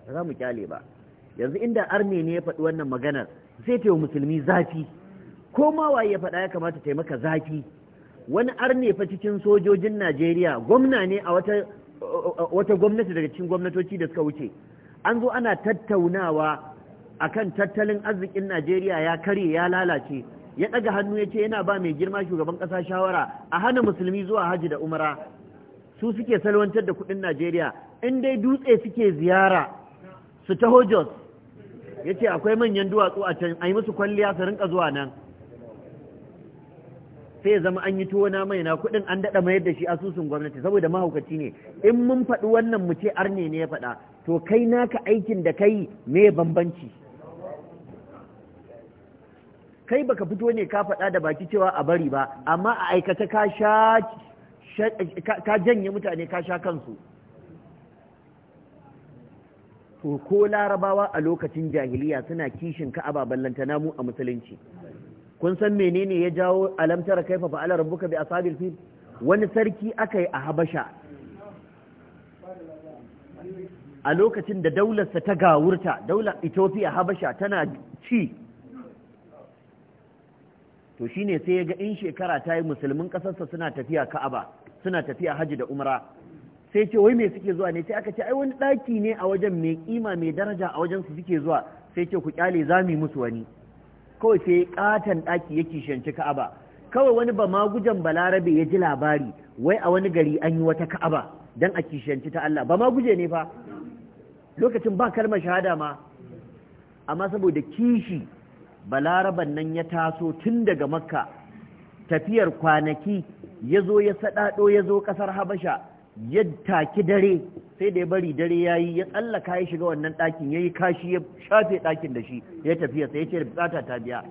A: ba za mu kyale ba yanzu inda arne ne ya faɗi wannan maganar sai ta yi musulmi zafi ko ma waye ya faɗa ya kamata taimaka zafi wani arne fa cikin sojojin najeriya gwamna ne a wata wata gwamnati daga cikin gwamnatoci da suka wuce an zo ana tattaunawa akan tattalin arzikin najeriya ya karye ya lalace ya ɗaga hannu ya ce yana ba mai girma shugaban ƙasa shawara a hana musulmi zuwa haji da umara su suke salwantar da kuɗin najeriya in dai dutse suke ziyara su taho jos ya ce akwai manyan duwatsu a can a yi musu kwalliya su rinka zuwa nan sai zama an yi tuwo na mai na kuɗin an daɗa mayar da shi asusun gwamnati saboda mahaukaci ne in mun faɗi wannan mu ce arne ne ya faɗa to kai naka aikin da kai me bambanci kai baka fito ne ka faɗa da baki cewa a bari ba amma a aikata ka sha ka janye mutane ka sha kansu to ko larabawa a lokacin jahiliya suna kishin ka ababen mu a musulunci kun san menene ya jawo alamtar kaifa fa'ala rabbuka bi asabil fil wani sarki aka a habasha a lokacin da daularsa ta gawurta daular ethiopia habasha tana ci to shine sai ya ga in shekara ta yi musulmin ƙasarsa suna tafiya ka'aba suna tafiya hajji da umra sai ce wai me suke zuwa ne sai aka ce ai wani ɗaki ne a wajen mai kima mai daraja a wajen su suke zuwa sai ce ku kyale za mu yi musu wani kawai sai katon ɗaki ya kishanci ka'aba kawai wani ba magujan balarabe ya ji labari wai a wani gari an yi wata ka'aba dan a kishanci ta Allah ba maguje ne fa lokacin ba kalmar shahada ma amma saboda kishi balaraban nan ya taso tun daga makka tafiyar kwanaki ya zo ya saɗaɗo ya zo ƙasar habasha ya taki dare sai da ya bari dare ya yi ya tsallaka ya shiga wannan ɗakin ya yi kashi ya shafe ɗakin da shi ya tafiya sai ya ce bukata ta biya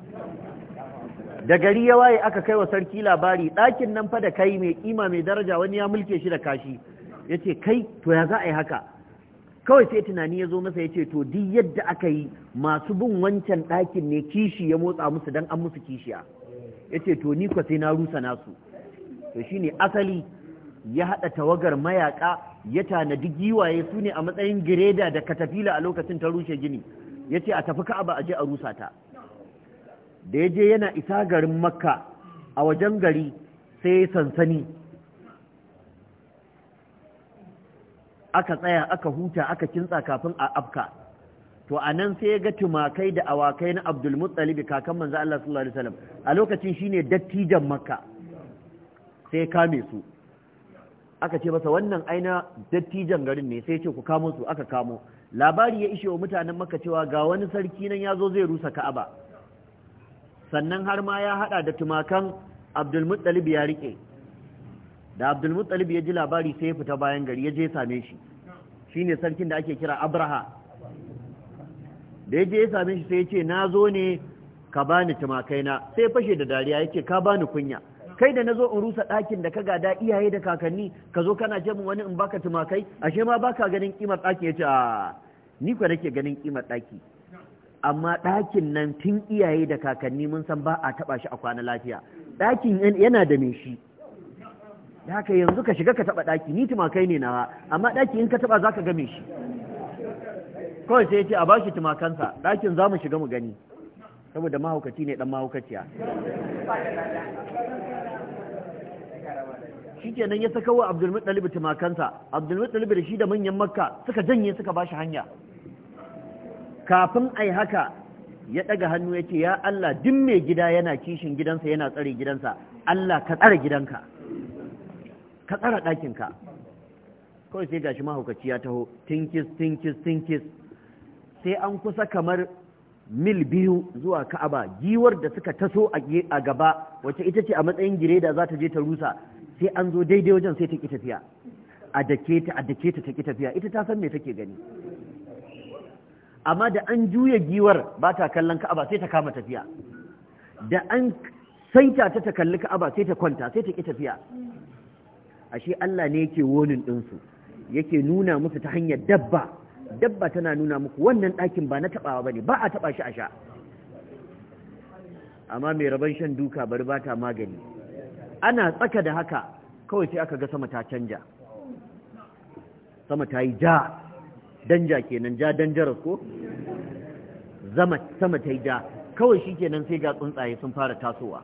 A: da gari ya waye aka kai wa sarki labari ɗakin nan fa da kai mai kima mai daraja wani ya mulke shi da kashi ya ce kai to ya za a yi haka kawai sai tunani ya zo masa ya ce to duk yadda aka yi masu bin wancan ɗakin ne kishi ya motsa musu dan an musu kishiya ya ce to ni sai na rusa nasu to shine asali ya haɗa tawagar mayaƙa ya tanadi giwaye su ne a matsayin gireda da katafila a lokacin ta rushe gini ya ce a tafi ka a je a rusa ta da ya je yana isa garin makka a wajen gari sai sansani aka tsaya aka huta aka kintsa kafin a afka to a nan sai ya ga tumakai da awakai na Abdul abdulmuttalib kakan manzo Allah sallallahu alaihi wasallam a lokacin shine dattijan makka sai kame su aka ce masa wannan aina dattijan garin ne sai ya ce ku kamo su aka kamo labari ya ishe wa mutanen makka cewa ga wani sarki nan ya zo zai rusa ka'aba sannan har ma ya hada da tumakan Abdul abdulmuttalib ya rike da abdulmuttalib ya ji labari sai ya fita bayan gari ya je same shi Shi ne sarkin da ake kira abraha da ya je ya same shi sai ya ce na zo ne ka bani na sai fashe da dariya ya ce ka bani kunya kai da na zo in rusa ɗakin da ka gada iyaye da kakanni ka zo kana ce min wani in baka tumakai ashe ma baka ganin kimar ɗaki ya ce a ni kwa nake ganin kimar ɗaki amma ɗakin nan tun iyaye da kakanni mun san ba a taɓa shi a kwana lafiya ɗakin yana da me shi da haka yanzu ka shiga ka taba daki ni tumakai ne nawa amma daki in ka taba zaka game shi kawai sai yace a bashi tumakansa dakin zamu shiga mu gani saboda mahaukaci ne dan mahaukaciya shikenan ya saka wa Abdul Muttalib tumakansa Abdul Muttalib da shi da manyan Makka suka janye suka bashi hanya kafin ai haka ya daga hannu ya ce ya Allah duk mai gida yana kishin gidansa yana tsare gidansa Allah ka tsare gidanka ka tsara ɗakinka kawai sai gashi mahaukaci ya taho tinkis tinkis tinkis sai an kusa kamar mil biyu zuwa ka'aba giwar da suka taso a gaba wacce ita ce a matsayin gireda za ta je ta rusa sai an zo daidai wajen sai ta ƙi tafiya a dake ta a dake ta ta ƙi tafiya ita ta san me take gani amma da an juya giwar ba ta kallon ka'aba sai ta kama tafiya da an saita ta ta kalli ka'aba sai ta kwanta sai ta ƙi tafiya ashe Allah ne yake wonin ɗinsu yake nuna musu ta hanyar dabba dabba tana nuna muku wannan ɗakin ba na taɓawa ba ne ba a taɓa shi a sha amma mai rabon shan duka bari ba ta magani ana tsaka da haka kawai sai aka ga sama ta canja sama ta yi ja danja kenan ja danjarar ko sama ta yi ja kawai shi kenan sai ga tsuntsaye sun fara tasowa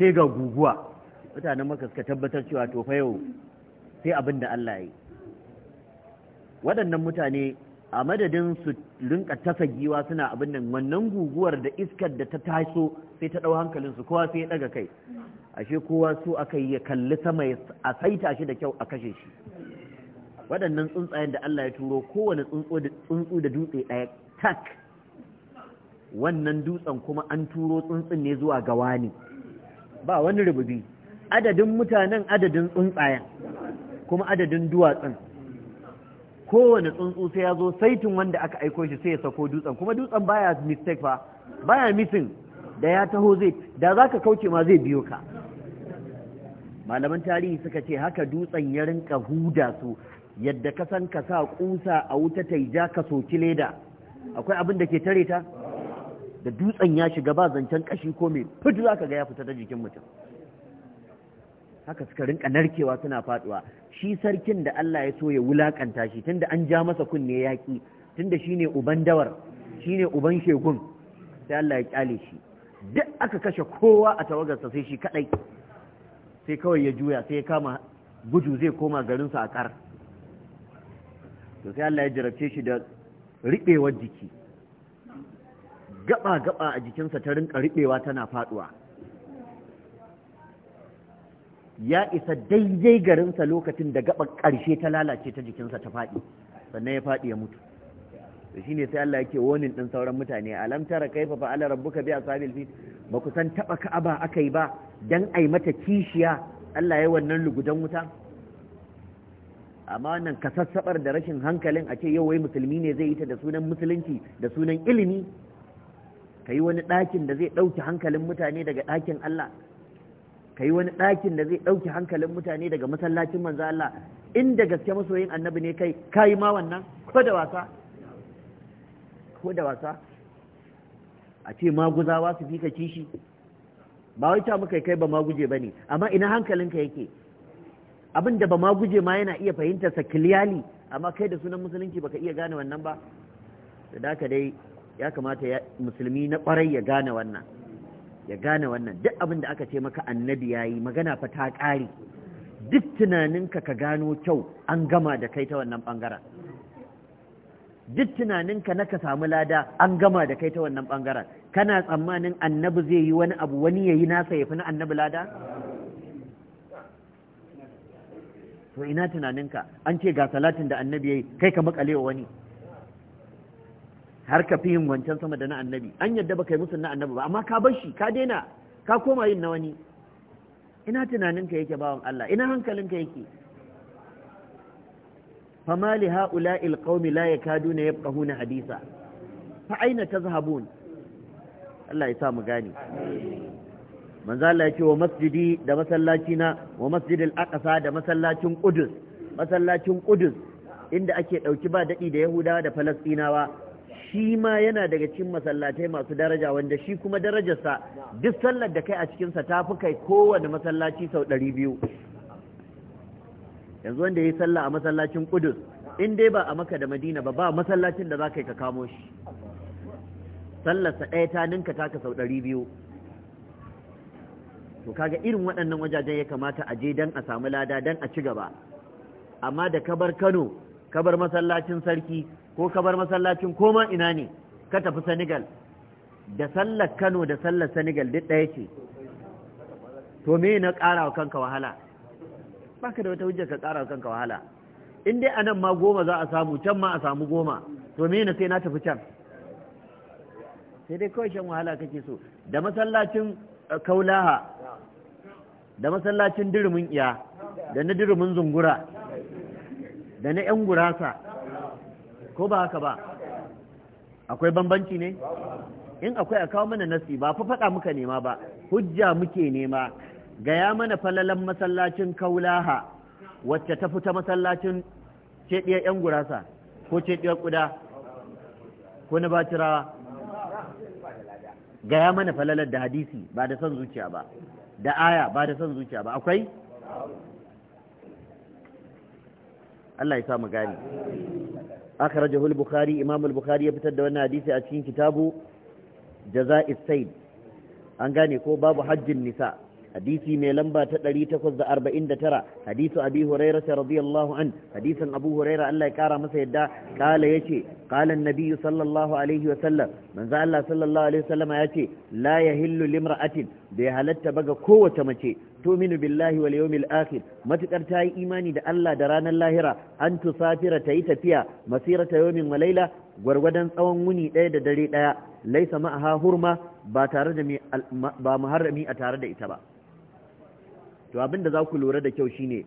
A: sai ga guguwa mutanen maka suka tabbatar cewa to fa yau sai abin da Allah yi waɗannan mutane a madadin su rinka tasa giwa suna abin nan wannan guguwar da iskar da ta taso sai ta ɗau hankalin su kowa sai ya ɗaga kai ashe kowa su aka yi ya kalli sama a saita shi da kyau a kashe shi waɗannan tsuntsayen da Allah ya turo kowane tsuntsu da dutse ɗaya tak wannan dutsen kuma an turo tsuntsun ne zuwa gawa ne. ba wani rububi adadin mutanen adadin tsuntsayen kuma adadin duwatsun kowane tsuntsu sai ya zo saitin wanda aka aiko shi sai ya sako dutsen kuma dutsen baya mistake fa baya missing da ya taho zai da za ka kauce ma zai biyo ka malaman tarihi suka ce haka dutsen ya rinka huda su yadda ka san ka sa kusa a wuta ta ja ka soki leda akwai abin da ke tare ta da dutsen ya shiga ba zancen kashi ko me fitu za ka ga ya fita ta jikin mutum haka suka rinka narkewa suna faduwa shi sarkin da Allah ya so ya wulakanta shi tunda an ja masa kunne yaki tunda shine uban dawar shine uban shegun sai Allah ya kyale shi duk aka kashe kowa a tawagarsa sai shi kadai sai kawai ya juya sai ya kama gudu zai koma garinsa a kar to sai Allah ya jarabce shi da riɓewar jiki gaba gaba a jikinsa ta rinka riɓewa tana faduwa ya isa daidai garinsa lokacin da gaba ƙarshe ta lalace ta jikinsa ta faɗi sannan ya faɗi ya mutu shi ne sai Allah ke wonin ɗin sauran mutane alam tara kaifa fa'ala rabbuka bi ashabil fil ba ku san taba aka yi ba dan ai mata kishiya Allah ya wannan lugudan wuta amma wannan kasassabar da rashin hankalin a ce yau wai musulmi ne zai yi ta da sunan musulunci da sunan ilimi kai wani ɗakin da zai ɗauki hankalin mutane daga ɗakin Allah ka yi wani ɗakin da zai ɗauki hankalin mutane daga masallacin manzo Allah inda gaske masoyin annabi ne kai ka yi ma wannan ko da wasa ko da wasa a ce maguzawa su fi ka kishi ba wai ta muka kai ba maguje ba ne amma ina hankalinka yake abin da ba maguje ma yana iya fahimtar sa kiliyali amma kai da sunan musulunci baka iya gane wannan ba da haka dai ya kamata musulmi na kwarai ya gane wannan ya gane wannan duk abin da aka ce maka annabi ya yi magana fa ta ƙari duk tunaninka ka gano kyau an gama da kai ta wannan bangaren duk tunaninka na ka samu lada an gama da kai ta wannan bangaren kana tsammanin annabi zai yi wani abu wani ya yi nasa ya fi na annabi lada to ina tunaninka an ce ga salatin da annabi yi kai ka makale wani har ka fi yin wancan sama da na annabi an yadda ba kai musu na annabi ba amma ka bar shi ka daina ka koma yin na wani ina ka yake bawan Allah ina ka yake fama li ha'ula'il qaumi la yakaduna yafqahuna hadisa fa aina tazhabun Allah ya sa mu gane manzo Allah ya ce wa masjidi da masallaci na wa masjidil aqsa da masallacin Qudus masallacin Qudus inda ake dauki ba dadi da Yahudawa da Falastinawa shi ma yana daga cikin masallatai masu daraja wanda shi kuma darajarsa duk sallar da kai a cikinsa ta fi kai kowane masallaci sau ɗari biyu yanzu wanda ya yi sallah a masallacin kudus in dai ba a maka da madina ba ba masallacin da za ka yi ka kamo shi sallarsa ɗaya ta ninka taka sau ɗari biyu to kaga irin waɗannan wajajen ya kamata a je don a samu lada don a ci gaba amma da ka bar kano ka bar masallacin sarki ko ka bar masallacin koma ina ne ka tafi senegal da sallar kano da sallar senegal duk ɗaya ce to me na ƙara wa kanka wahala baka da wata hujjar ka ƙara wa kanka wahala in dai anan ma goma za a samu can ma a samu goma to me na sai na tafi can sai dai kawai shan wahala kake so da masallacin eh, kaulaha da masallacin dirimin iya da na dirimin zungura da na 'yan gurasa ko ba haka ba akwai bambanci ne in akwai a kawo mana nasi ba fa faɗa muka nema ba hujja muke nema gaya mana falalan masallacin kaulaha wacce ta fita masallacin ceɗiyar 'yan gurasa ko ceɗiyar ƙuda ko na batirawa gaya mana falalar da hadisi ba da son zuciya ba da aya ba da son zuciya ba akwai Allah ya sa mu gane akhrajahu al-bukhari imam al-bukhari ya fitar da wannan hadisi a cikin kitabu jaza'is sayd an gane ko babu hajjin nisa' hadisi mai lamba ta 849 hadisu abi huraira radiyallahu an hadisin abu huraira Allah ya kara masa yadda kala yace kala annabi sallallahu alaihi wa sallam manzo Allah sallallahu alaihi wa sallama yace la yahillu limra'atin bai halatta ba ga kowace mace tuminu billahi wal yawmil akhir matukar ta yi imani da Allah da ranar lahira an tusafira ta yi tafiya masirata yawmin wa laila gwargwadon tsawon wuni ɗaya da dare ɗaya laisa ma'aha hurma ba tare da ba muharrami a tare da ita ba to abinda za ku lura da kyau shine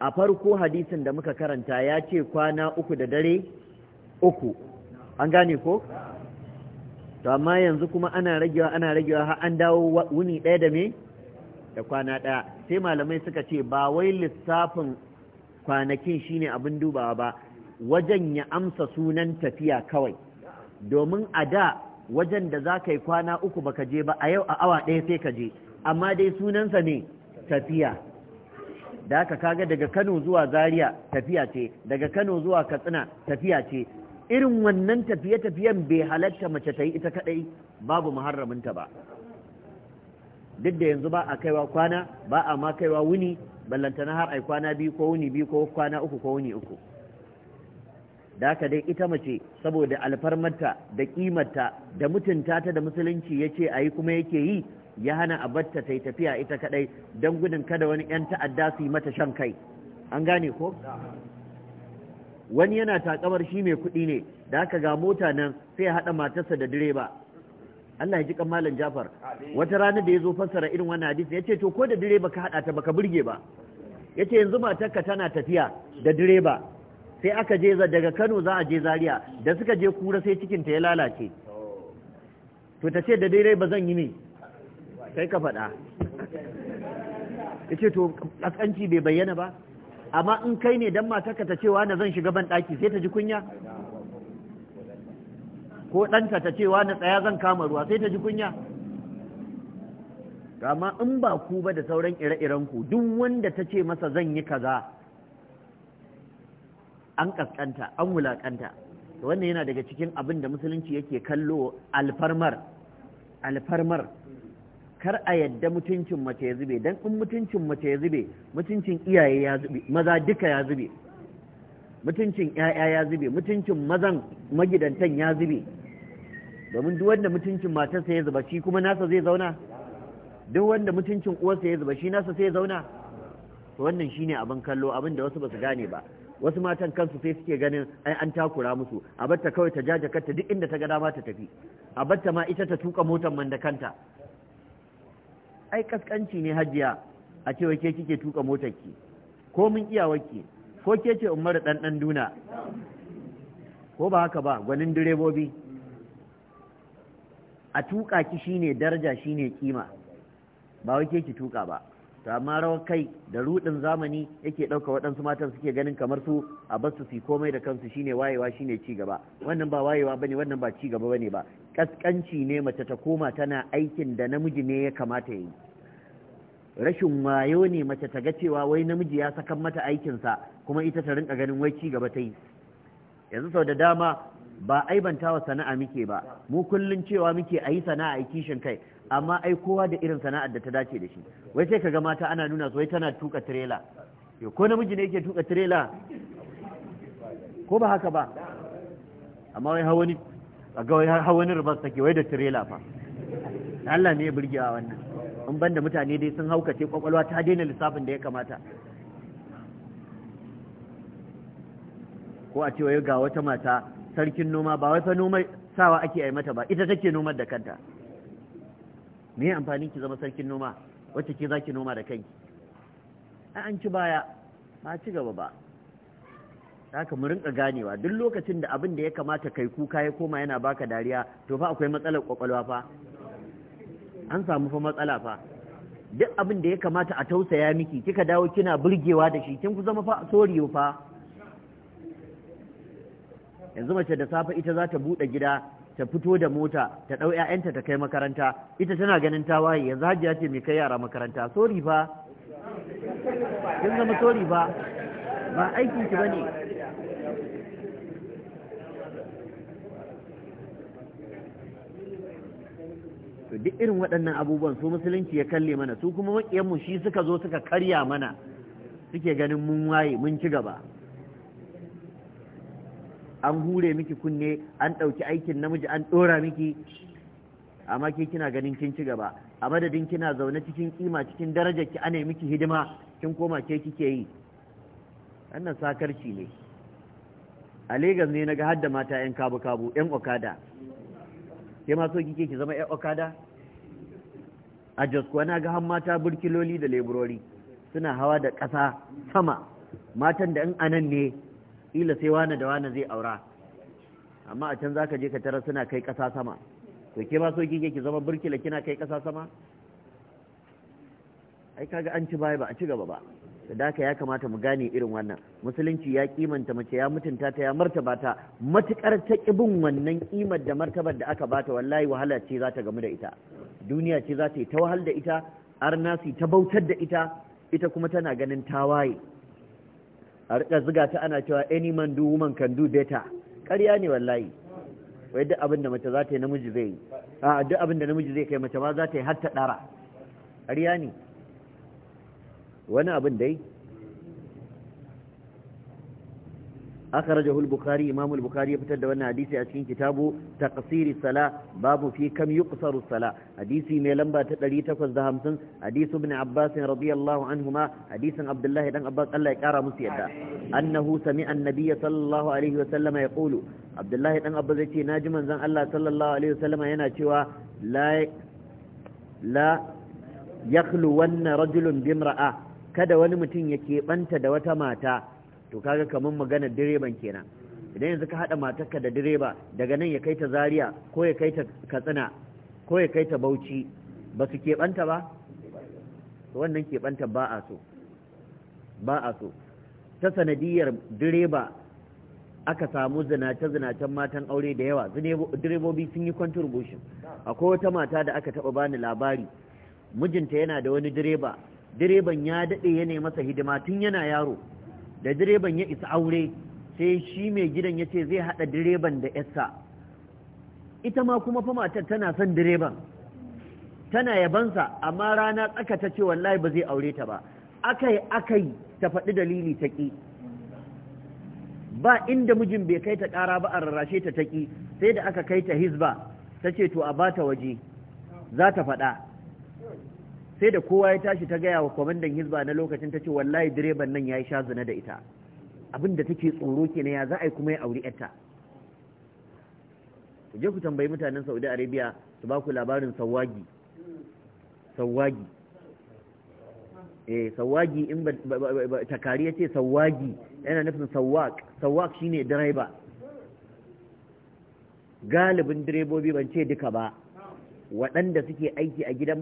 A: a farko hadisin da muka karanta ya ce kwana uku da dare uku an gane ko to amma yanzu kuma ana ragewa ana ragewa har an dawo wuni ɗaya da me da kwana ɗaya sai malamai suka ce ba wai lissafin kwanakin shine abin dubawa ba wajen ya amsa sunan tafiya kawai domin a da wajen da za ka yi kwana uku baka je ba a yau a awa ɗaya sai ka je amma dai sunansa ne tafiya da aka kaga daga Kano zuwa Zaria tafiya ce daga Kano zuwa Katsina tafiya ce irin wannan tafiye-tafiyen bai halatta mace ta yi ita kadai babu muharraminta ba duk da yanzu ba a kaiwa kwana ba a ma kaiwa wuni ballantana har ai kwana biyu ko wuni biyu ko kwana uku ko wuni uku da aka dai ita mace saboda alfarmarta da kimarta da mutunta ta da musulunci ya ce a yi kuma yake yi ya hana a batta ta yi tafiya ita kadai don gudun kada wani 'yan ta'adda su yi mata shan kai an gane ko wani yana takamar shi mai kuɗi ne da aka ga mota nan sai ya haɗa matarsa da direba Allah ya ji kan malam Jafar wata rana da ya zo fassara irin wannan hadisi ya ce to ko da direba ka haɗa ta ka burge ba ya ce yanzu matarka tana tafiya da direba sai aka je daga Kano za a je Zaria da suka je kura sai cikinta ya lalace oh. to ta ce da direba zan yi ne kai ka faɗa yace to ƙasƙanci bai bayyana ba amma in kai ne dan matarka ta cewa na zan shiga ban ɗaki sai ta ji kunya ko ɗanta ta cewa na tsaya zan kama ruwa sai ta ji kunya amma in ba ku ba da sauran ire-iren ku duk wanda ta ce masa zan yi kaza an ƙasƙanta an wulaƙanta wannan yana daga cikin abin da musulunci yake kallo alfarmar alfarmar kar a yadda mutuncin mace ya zube dan in mutuncin mace ya zube mutuncin iyaye ya zube maza duka ya zube mutuncin ƴaƴa ya zube mutuncin mazan magidantan ya zube domin duk wanda mutuncin matarsa ya zuba shi kuma nasa zai zauna duk wanda mutuncin uwarsa ya zuba shi nasa sai zauna to wannan shine abin kallo abin da wasu basu gane ba wasu matan kansu sai suke ganin ai an takura musu a batta kawai ta jaja kanta duk inda ta ga dama ta tafi a batta ma ita ta tuka motar man da kanta ai kaskanci ne hajiya a cewa ke kike tuka motar ki ko mun iyawarki ko ke ce umar dan dan duna ko ba haka ba gwanin direbobi a tuka ki shine daraja shine kima ba wai ke ki tuka ba to amma rawar kai da rudin zamani yake ɗauka waɗansu matan suke ganin kamar su a basu su komai da kansu shine wayewa shine ci gaba wannan ba wayewa bane wannan ba ci gaba bane ba ƙasƙanci ne mace ta koma tana aikin da namiji ne ya kamata ya yi rashin wayo ne mace ta ga cewa wai namiji ya sakan mata aikinsa kuma ita ta rinka ganin wai ci gaba ta yi yanzu sau da dama ba aibanta wa sana'a muke ba mu kullum cewa muke a yi sana'a a kishin kai amma ai kowa da irin sana'ar da ta dace da shi wai sai ka ga mata ana nuna su wai tana tuka tirela ko namiji ne yake tuka tirela ko ba haka ba amma wai hawa a ga har wani rubas take wai da tirela fa Allah ne ya burgewa wannan in banda mutane dai sun haukace kwakwalwa ta daina lissafin da ya kamata ko a ce, wai ga wata mata sarkin noma ba wai fa noma sawa ake yi mata ba ita take nomar da kanta me amfanin ki zama sarkin noma wacce ke zaki noma da kanki an ci baya ba ci gaba ba haka mu rinka ganewa duk lokacin da abin da ya kamata kai kuka ya koma yana baka dariya to fa akwai matsalar kwakwalwa fa an samu fa matsala fa duk abin da ya kamata a tausaya miki kika dawo kina burgewa da shi kin ku zama fa soriyo fa yanzu mace da safe ita za ta buɗe gida ta fito da mota ta ɗau 'ya'yanta ta kai makaranta ita tana ganin ta waye yanzu ya ce mai kai yara makaranta sori fa
B: kin zama sori fa ba aikin ki bane
A: to duk irin waɗannan abubuwan su musulunci ya kalle mana su kuma maƙiyanmu shi suka zo suka karya mana suke ganin mun waye mun ci gaba an hure miki kunne an ɗauki aikin namiji an ɗora miki amma ke kina ganin kin ci gaba a madadin kina zaune cikin kima cikin daraja ki ana miki hidima kin koma ke kike yi wannan sakarci ne a Legas ne na ga hadda mata 'yan kabu-kabu 'yan okada ke ma so kike ki zama yar okada a jos kuwa na ga mata burkiloli da leburori suna hawa da ƙasa sama matan da in anan ne ila sai wane da wane zai aura amma a can zaka je ka tara suna kai ƙasa sama to ke ma so kike ki zama burkila kina kai ƙasa sama ai kaga an ci baya ba a ci gaba ba da haka ya kamata mu gane irin wannan musulunci ya kimanta mace ya mutunta ta ya martaba ta matukar ta kibin wannan kimar da martabar da aka bata wallahi wahala ce za ta gamu da ita duniya ce za ta yi ta wahal da ita su ta bautar da ita ita kuma tana ganin tawaye a rika ziga ta ana cewa any man do woman can do better ƙarya ne wallahi wai duk abin da mace za ta yi namiji zai yi a duk abin da namiji zai kai mace ma za ta yi har ta ɗara ƙarya ne wani abin dai aka raja hulbukari imamul bukari ya fitar da wannan hadisi a cikin kitabu ta sala babu fi kam yi sala hadisi mai lamba ta 850 hadisu bin abbasin radiyallahu an huma hadisun abdullahi dan abbas allah ya kara annahu sami annabi sallallahu alaihi wasallam ya kulu abdullahi dan abbas ya ce na ji manzan allah sallallahu alaihi wasallam yana cewa la la yakhluwanna rajulun bimra'a kada wani mutum ya keɓanta da wata mata to kaga kamar maganar direban kenan idan yanzu ka haɗa matarka da direba daga nan ya kai ta zaria ko ya kai ta katsina ko ya kai ta bauchi ba su keɓanta ba wannan keɓanta ba a so ba a so ta sanadiyar direba aka samu zinace-zinacen matan aure da yawa direbobi sun yi contribution akwai wata mata da aka taɓa bani labari mijinta yana da wani direba direban ya daɗe ya ne masa hidima tun yana yaro da direban ya isa aure sai shi mai gidan ya ce zai haɗa direban da yasa ita ma kuma fa matar tana son direban tana yabansa amma rana tsaka ta ce wallahi ba zai aure ta ba akai akai ta faɗi dalili ta ƙi ba inda mijin bai kai ta ƙara ba a rarrashe ta taƙi sai da aka kai ta hizba ta ce to a bata waje za ta faɗa sai da kowa ya tashi ta gaya wa kwamandan hizba na lokacin ta ce wallahi direban nan ya yi sha zina da ita abin da take tsoro na ya za a yi kuma ya auri yarta ku je ku tambayi mutanen saudi arabia su ba ku labarin sawagi sawagi eh sawagi in takari ya sawagi yana nufin sawak sawak shine direba galibin direbobi ban ce duka ba waɗanda suke aiki a gidan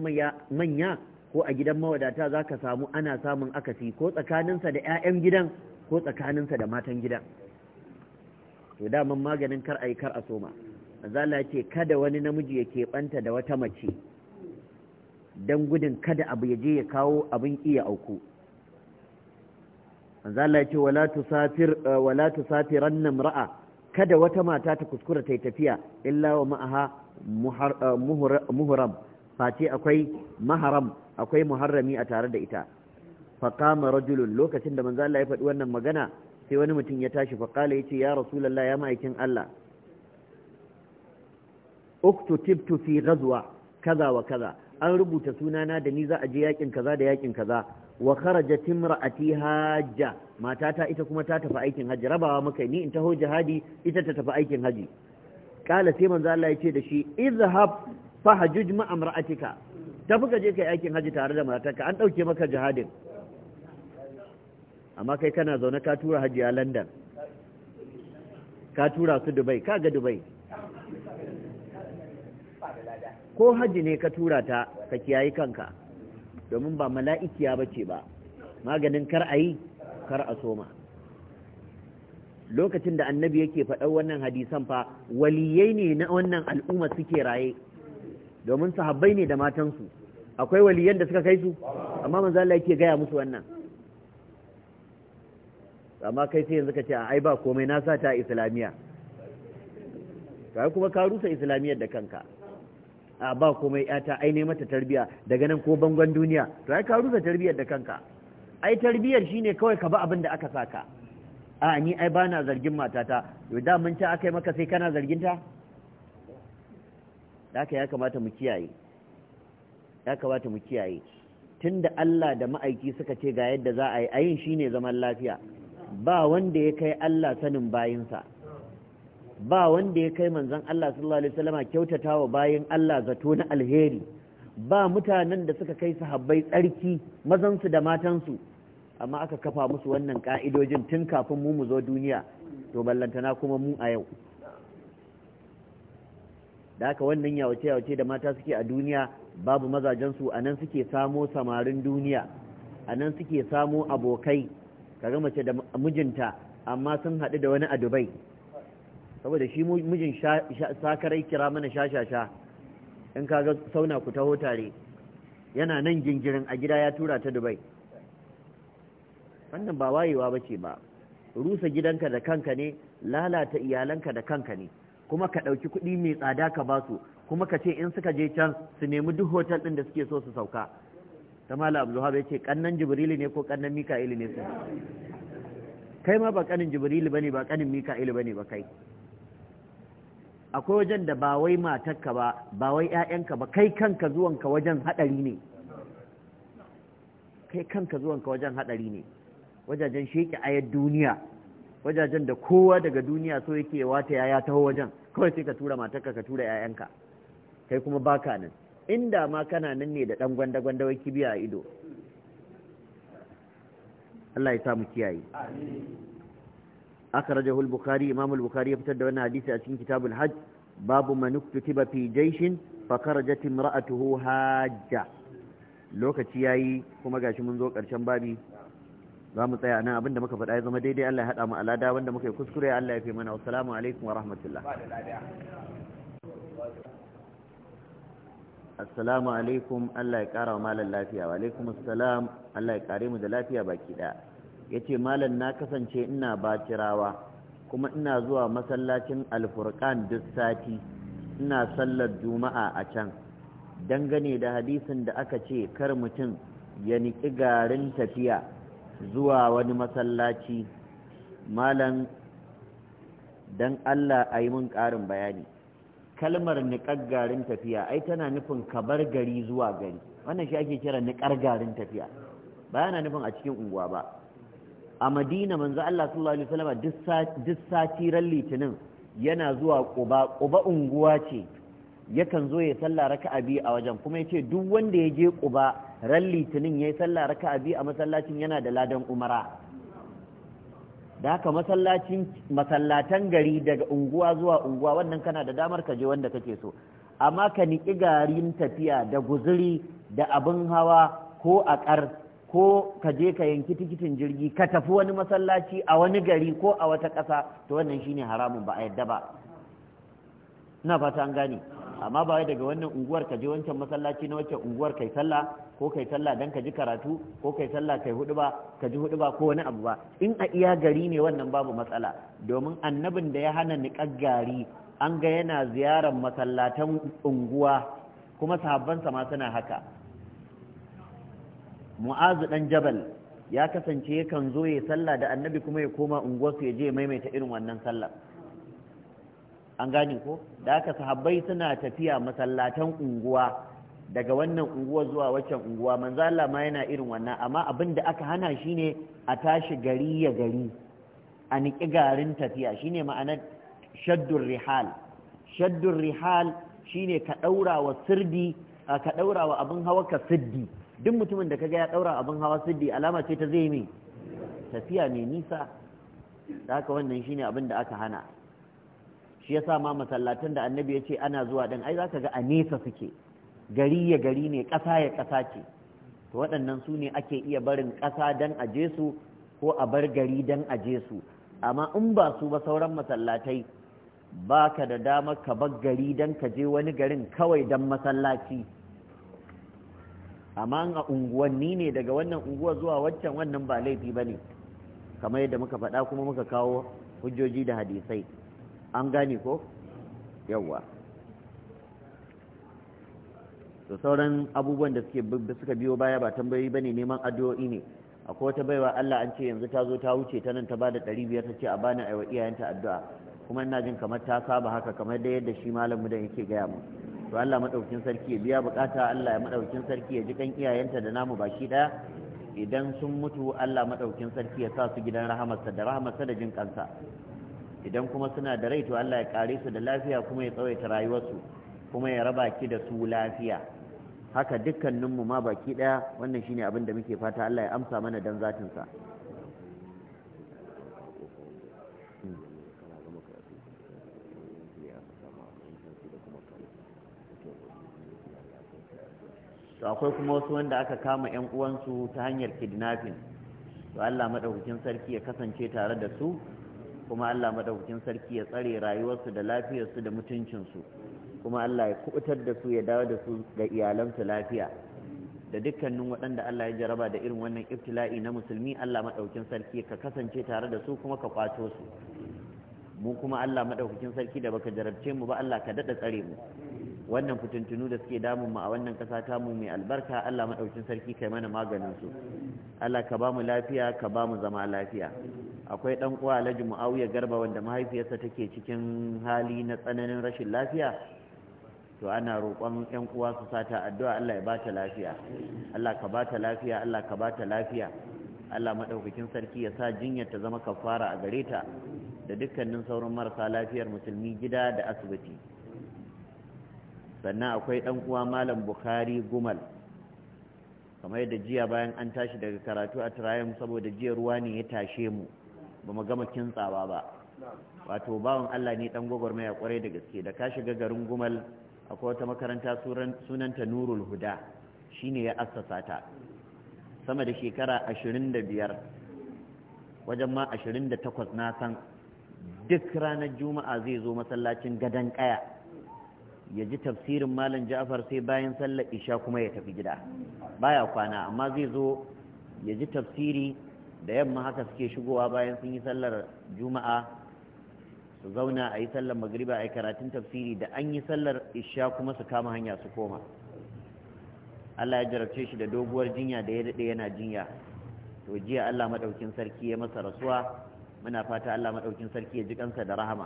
A: manya ko a gidan mawadata za ka samu ana samun akasi ko tsakaninsa da 'ya'yan gidan ko tsakaninsa da matan gidan to daman maganin kar a yi kar a soma zala ce kada wani namiji ya keɓanta da wata mace don gudun kada abu ya je ya kawo abin iya auku zala ce wala eh, tusafiran ra'a kada wata mata ta kuskura ta yi tafiya illa wa ma'aha Eh, muhram face akwai maharam akwai muharrami a tare da ita faqama rajulun lokacin da manzo Allah ya faɗi wannan magana sai wani mutum ya tashi faqala yace ya rasulullah ya ma'aikin Allah tibtu fi ghazwa kaza wa kaza an rubuta sunana da ni za a je yakin kaza da yakin kaza wa kharajat imra'ati hajja matata ita kuma ta tafi aikin haji rabawa muka ni in taho jihadi ita ta tafi aikin haji kala sai manzo Allah yace da shi izhab fahajuj ma amra'atika tafi ka je kai aikin haji tare da matarka an dauke maka jihadin amma kai kana zaune ka tura haji a London
B: ka tura su Dubai ka
A: ga Dubai ko haji ne ka tura ta ka kiyayi kanka domin ba mala'ikiya bace ba maganin kar ayi kar a soma lokacin da annabi yake faɗar wannan hadisan fa waliyai ne na wannan al'umma suke raye domin sahabbai ne da matansu akwai waliyan da suka kai su amma manzo Allah yake gaya musu wannan amma kai sai yanzu ka ce ai ba komai na sa ta islamiya kai kuma ka rusa islamiyar da kanka a ba komai yata ai ne mata tarbiya daga nan ko bangon duniya to ai ka rusa tarbiyar da kanka ai tarbiyar shine kawai ka ba abin da aka saka a ni ai ba na zargin matata yau mun ta aka yi maka sai kana zargin ta haka ya kamata mu kiyaye ya kamata mu kiyaye tunda Allah da ma'aiki suka ce ga yadda za a yi ayin shine zaman lafiya ba wanda ya kai Allah sanin bayinsa ba wanda ya kai manzon Allah sallallahu alaihi wasallama kyautatawa bayin Allah zato na alheri ba mutanen da suka kai sahabbai tsarki mazansu da matansu amma aka kafa musu wannan ka'idojin tun kafin mu mu zo duniya to ballantana kuma mu a yau da haka wannan yawace yawace da mata suke a duniya babu mazajensu a nan suke samo samarin duniya a nan suke samo abokai kaga mace da mijinta amma sun haɗu da wani a dubai saboda shi mijin sakarai kira mana shashasha in kaga sauna ku taho tare yana nan gingirin a gida ya tura ta dubai wannan ba wayewa ba ce ba rusa gidanka da kanka ne lalata iyalanka da kanka ne kuma ka ɗauki kuɗi mai tsada ka ba su kuma ka ce in suka je can su nemi duk hotel ɗin da suke so su sauka ta mala abu ya ce ƙannan jibrili ne ko ƙannan mika'ilu ne su kai ma ba ƙanin jibrili ba ne ba ƙanin mika'ilu ba ne ba kai akwai wajen da ba wai matarka ba ba wai 'ya'yanka ba kai kanka zuwanka wajen haɗari ne kai kanka zuwanka wajen haɗari ne wajajen sheke ayar duniya wajajen da kowa daga duniya so yake wata yaya taho wajen kawai sai ka tura matarka ka tura yayanka kai kuma baka nan inda ma kana nan ne da dan gwanda gwanda wai kibiya a ido Allah ya samu kiyaye akhrajahu al-bukhari imam al-bukhari ya fitar da wannan hadisi a cikin kitabul hajj babu man Tiba fi jayshin fa kharajat imra'atuhu hajja lokaci yayi kuma gashi mun zo karshen babi za mu tsaya nan abinda muka faɗa ya zama daidai Allah ya haɗa mu alada wanda muka yi kuskure Allah ya fi mana salamu alaikum wa rahmatullah assalamu alaikum Allah ya ƙara wa malam lafiya wa alaikum assalam Allah ya ƙare mu da lafiya baki ɗaya ya ce malam na kasance ina bacirawa kuma ina zuwa masallacin alfurkan duk sati ina sallar juma'a a can dangane da hadisin da aka ce kar mutum ya niƙi garin tafiya zuwa wani masallaci malam don Allah a yi mun ƙarin bayani kalmar niƙar garin tafiya ai tana nufin kabar gari zuwa gari wannan shi ake kira niƙar garin tafiya ba yana nufin a cikin unguwa ba a madina manzo Allah sallallahu alaihi wasallam duk sati ran litinin yana zuwa ƙuba ƙuba unguwa ce yakan zo ya salla raka'a biyu a wajen kuma ya ce duk wanda ya je ƙuba ran litinin ya yi sallah raka biyu a masallacin yana da ladan umara da haka masallacin masallatan gari daga unguwa zuwa unguwa wannan kana da damar ka je wanda kake so amma ka niƙi garin tafiya da guzuri da abin hawa ko a ƙar ko ka je ka yanki tikitin jirgi ka tafi wani masallaci a wani gari ko a wata ƙasa to wannan shine haramun ba a yadda ba ina fata an gane amma ba wai daga wannan unguwar ka je wancan masallaci na wancan unguwar kai sallah ko kai sallah dan ka ji karatu ko kai sallah kai hudu ba ka ji hudu ba ko wani abu ba in a iya gari ne wannan babu matsala domin annabin da ya hana ni gari an ga yana ziyarar masallatan unguwa kuma sahabbansa ma suna haka mu'azu dan jabal ya kasance yakan zo ya sallah da annabi kuma ya koma unguwarsu ya je maimaita irin wannan sallar an gane ko da aka sahabbai suna tafiya masallatan unguwa daga wannan unguwa zuwa waccan unguwa manzo Allah ma yana irin wannan amma abin da aka hana shine a tashi gari ya gari a niki garin tafiya shine ma'anar shaddur rihal shaddur rihal shine ka daura wa sirdi ka daura wa abin hawa ka siddi duk mutumin da kaga ya daura abin hawa siddi alama ce ta zai mai tafiya mai nisa haka wannan shine abin da aka hana shi yasa ma masallatan da annabi ya ce ana zuwa ɗan ai za ga a nesa suke gari ya gari ne ƙasa ya ƙasa ce to waɗannan su ne ake iya barin ƙasa dan a je su ko a bar gari dan a je su amma in ba su ba sauran masallatai ba ka da dama ka bar gari dan ka je wani garin kawai don masallaci amma a unguwanni ne daga wannan unguwa zuwa waccan wannan ba laifi ba ne kamar yadda muka faɗa kuma muka kawo hujjoji da hadisai an gane ko yawwa da sauran abubuwan da suka biyo baya ba tambayi bane neman addu'o'i ne akwai wata baiwa Allah an ce yanzu ta zo ta wuce ta nan ta bada ɗari biyar ta ce a bani aiwa iyayenta addu'a kuma ina jin kamar ta saba haka kamar da yadda shi malamu da yake gaya mu to Allah madaukakin sarki ya biya bukata Allah ya madaukakin sarki ya ji kan iyayenta da namu baki daya idan sun mutu Allah madaukakin sarki ya sa su gidan rahamarsa da rahamarsa da jin kansa idan kuma suna da rai to Allah ya kare su da lafiya kuma ya tsawaita rayuwarsu kuma ya raba ki da su lafiya haka dukkaninmu ma baki daya wannan shine abin da muke fata Allah ya amsa mana dan zatin sa to akwai kuma wasu wanda aka kama yan uwansu ta hanyar kidnapping to Allah madaukakin sarki ya kasance tare da su kuma Allah madaukakin sarki ya tsare rayuwarsu da lafiyarsu da mutuncinsu kuma Allah ya kubutar da su ya dawo da su ga iyalansu lafiya da dukkanin waɗanda Allah ya jaraba da irin wannan iftila'i na musulmi Allah madaukakin sarki ka kasance tare da su kuma ka kwato su mu kuma Allah madaukakin sarki da baka jarabce mu ba Allah ka dada tsare mu wannan fitintunu da suke damun mu a wannan kasa ta mu mai albarka Allah madaukakin sarki kai mana maganin su Allah ka ba mu lafiya ka ba mu zama lafiya akwai ɗan uwa Alhaji Muawiya Garba wanda mahaifiyarsa take cikin hali na tsananin rashin lafiya to ana roƙon ƴan uwa su sata addu'a Allah ya bata lafiya Allah ka bata lafiya Allah ka bata lafiya Allah madaukakin sarki ya sa jinyar ta zama kafara a gare ta da dukkanin sauran marasa lafiyar musulmi gida da asibiti sannan akwai ɗan uwa malam bukhari gumal kamar da jiya bayan an tashi daga karatu a turayen saboda jiya ruwa ne ya tashe mu ba mu gama kintsawa ba wato bawan Allah ne dan gwagwarmaya kwarai da gaske da ka shiga garin gumal akwai wata makaranta sunanta nurul huda shine ya assasa ta sama da shekara 25 wajen ma 28 na san duk ranar juma'a zai zo masallacin gadon kaya ya ji tafsirin malam ja'far sai bayan sallar isha kuma ya tafi gida baya kwana amma zai zo ya ji tafsiri da yamma haka suke shigowa bayan sun yi sallar juma'a su zauna a yi sallar magriba a karatun tafsiri da an yi sallar isha kuma su kama hanya su koma Allah ya jarabce shi da doguwar jinya da ya daɗe yana jinya to jiya Allah maɗaukin sarki ya masa rasuwa muna fata Allah maɗaukin sarki ya ji kansa da rahama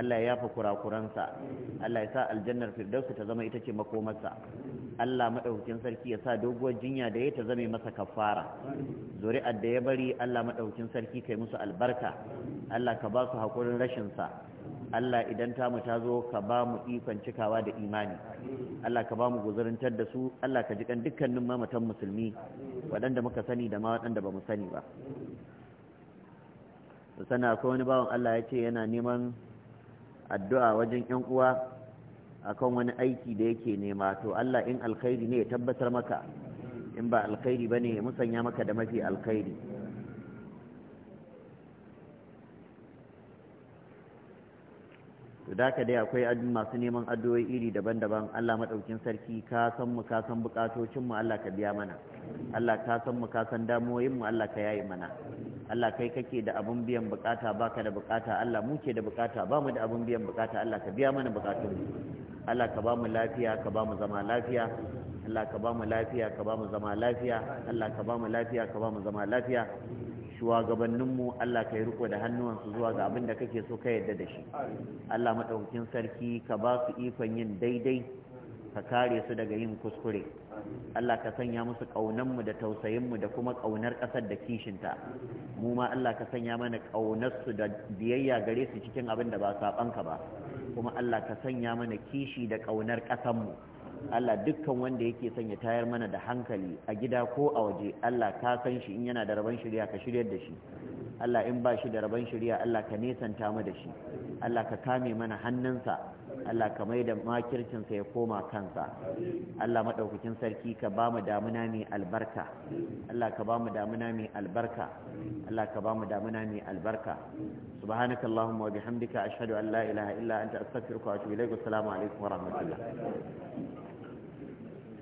A: Allah ya yafa kurakuransa Allah ya sa aljannar firdausa ta zama ita ce makomarsa Allah maɗaukin sarki ya sa doguwar jinya da ya ta zame masa kafara zuri'ar da ya bari Allah maɗaukin sarki ka yi musu albarka Allah ka ba su hakurin rashin Allah idan mu ta zo ka ba mu ikon cikawa da imani Allah ka ba mu guzurantar da su Allah ka jikan dukkanin mamatan musulmi waɗanda muka sani da ma waɗanda ba mu sani ba sana akwai wani bawan Allah ya ce yana neman addu'a wajen ‘yan uwa akan wani aiki da yake nema to Allah in alkhairi ne ya tabbatar maka in ba alkhairi bane ya musanya maka da mafi alkhairi to da dai akwai masu neman addu'o'i iri daban-daban Allah madaukin sarki ka san mu ka san bukatocin mu Allah ka biya mana Allah ka san mu ka san damuwoyin mu Allah ka yayi mana Allah kai kake da abun biyan bukata baka da bukata Allah mu ke da bukata ba mu da abun biyan bukata Allah ka biya mana bukatun mu Allah ka ba mu lafiya ka ba mu zama lafiya Allah ka ba mu lafiya ka ba mu zama lafiya Allah ka ba mu lafiya ka ba mu zama lafiya shugabanninmu Allah ka yi riko da hannuwansu zuwa ga abin da kake so ka yarda da shi Allah maɗaukakin sarki ka ba su ikon yin daidai ka kare su daga yin kuskure Allah ka sanya musu mu da tausayinmu da kuma ƙaunar ƙasar da kishinta mu ma Allah ka sanya mana ƙaunarsu da biyayya gare su cikin abin da ba saɓanka ba kuma Allah ka sanya mana kishi da ƙaunar ƙasarmu Allah dukkan wanda yake son ya tayar mana da hankali a gida ko a waje Allah ka san shi in yana da rabon shirya ka shiryar da shi Allah in ba shi da rabon shirya Allah ka nesanta mu da shi Allah ka kame mana hannunsa Allah ka mai da makircinsa ya koma kansa Allah maɗaukakin sarki ka ba mu damuna mai albarka Allah ka ba mu damuna mai albarka Allah ka ba mu damuna mai albarka subhanakallahumma wa bihamdika ashhadu an la ilaha illa anta astaghfiruka wa atubu ilaik assalamu alaikum wa rahmatullah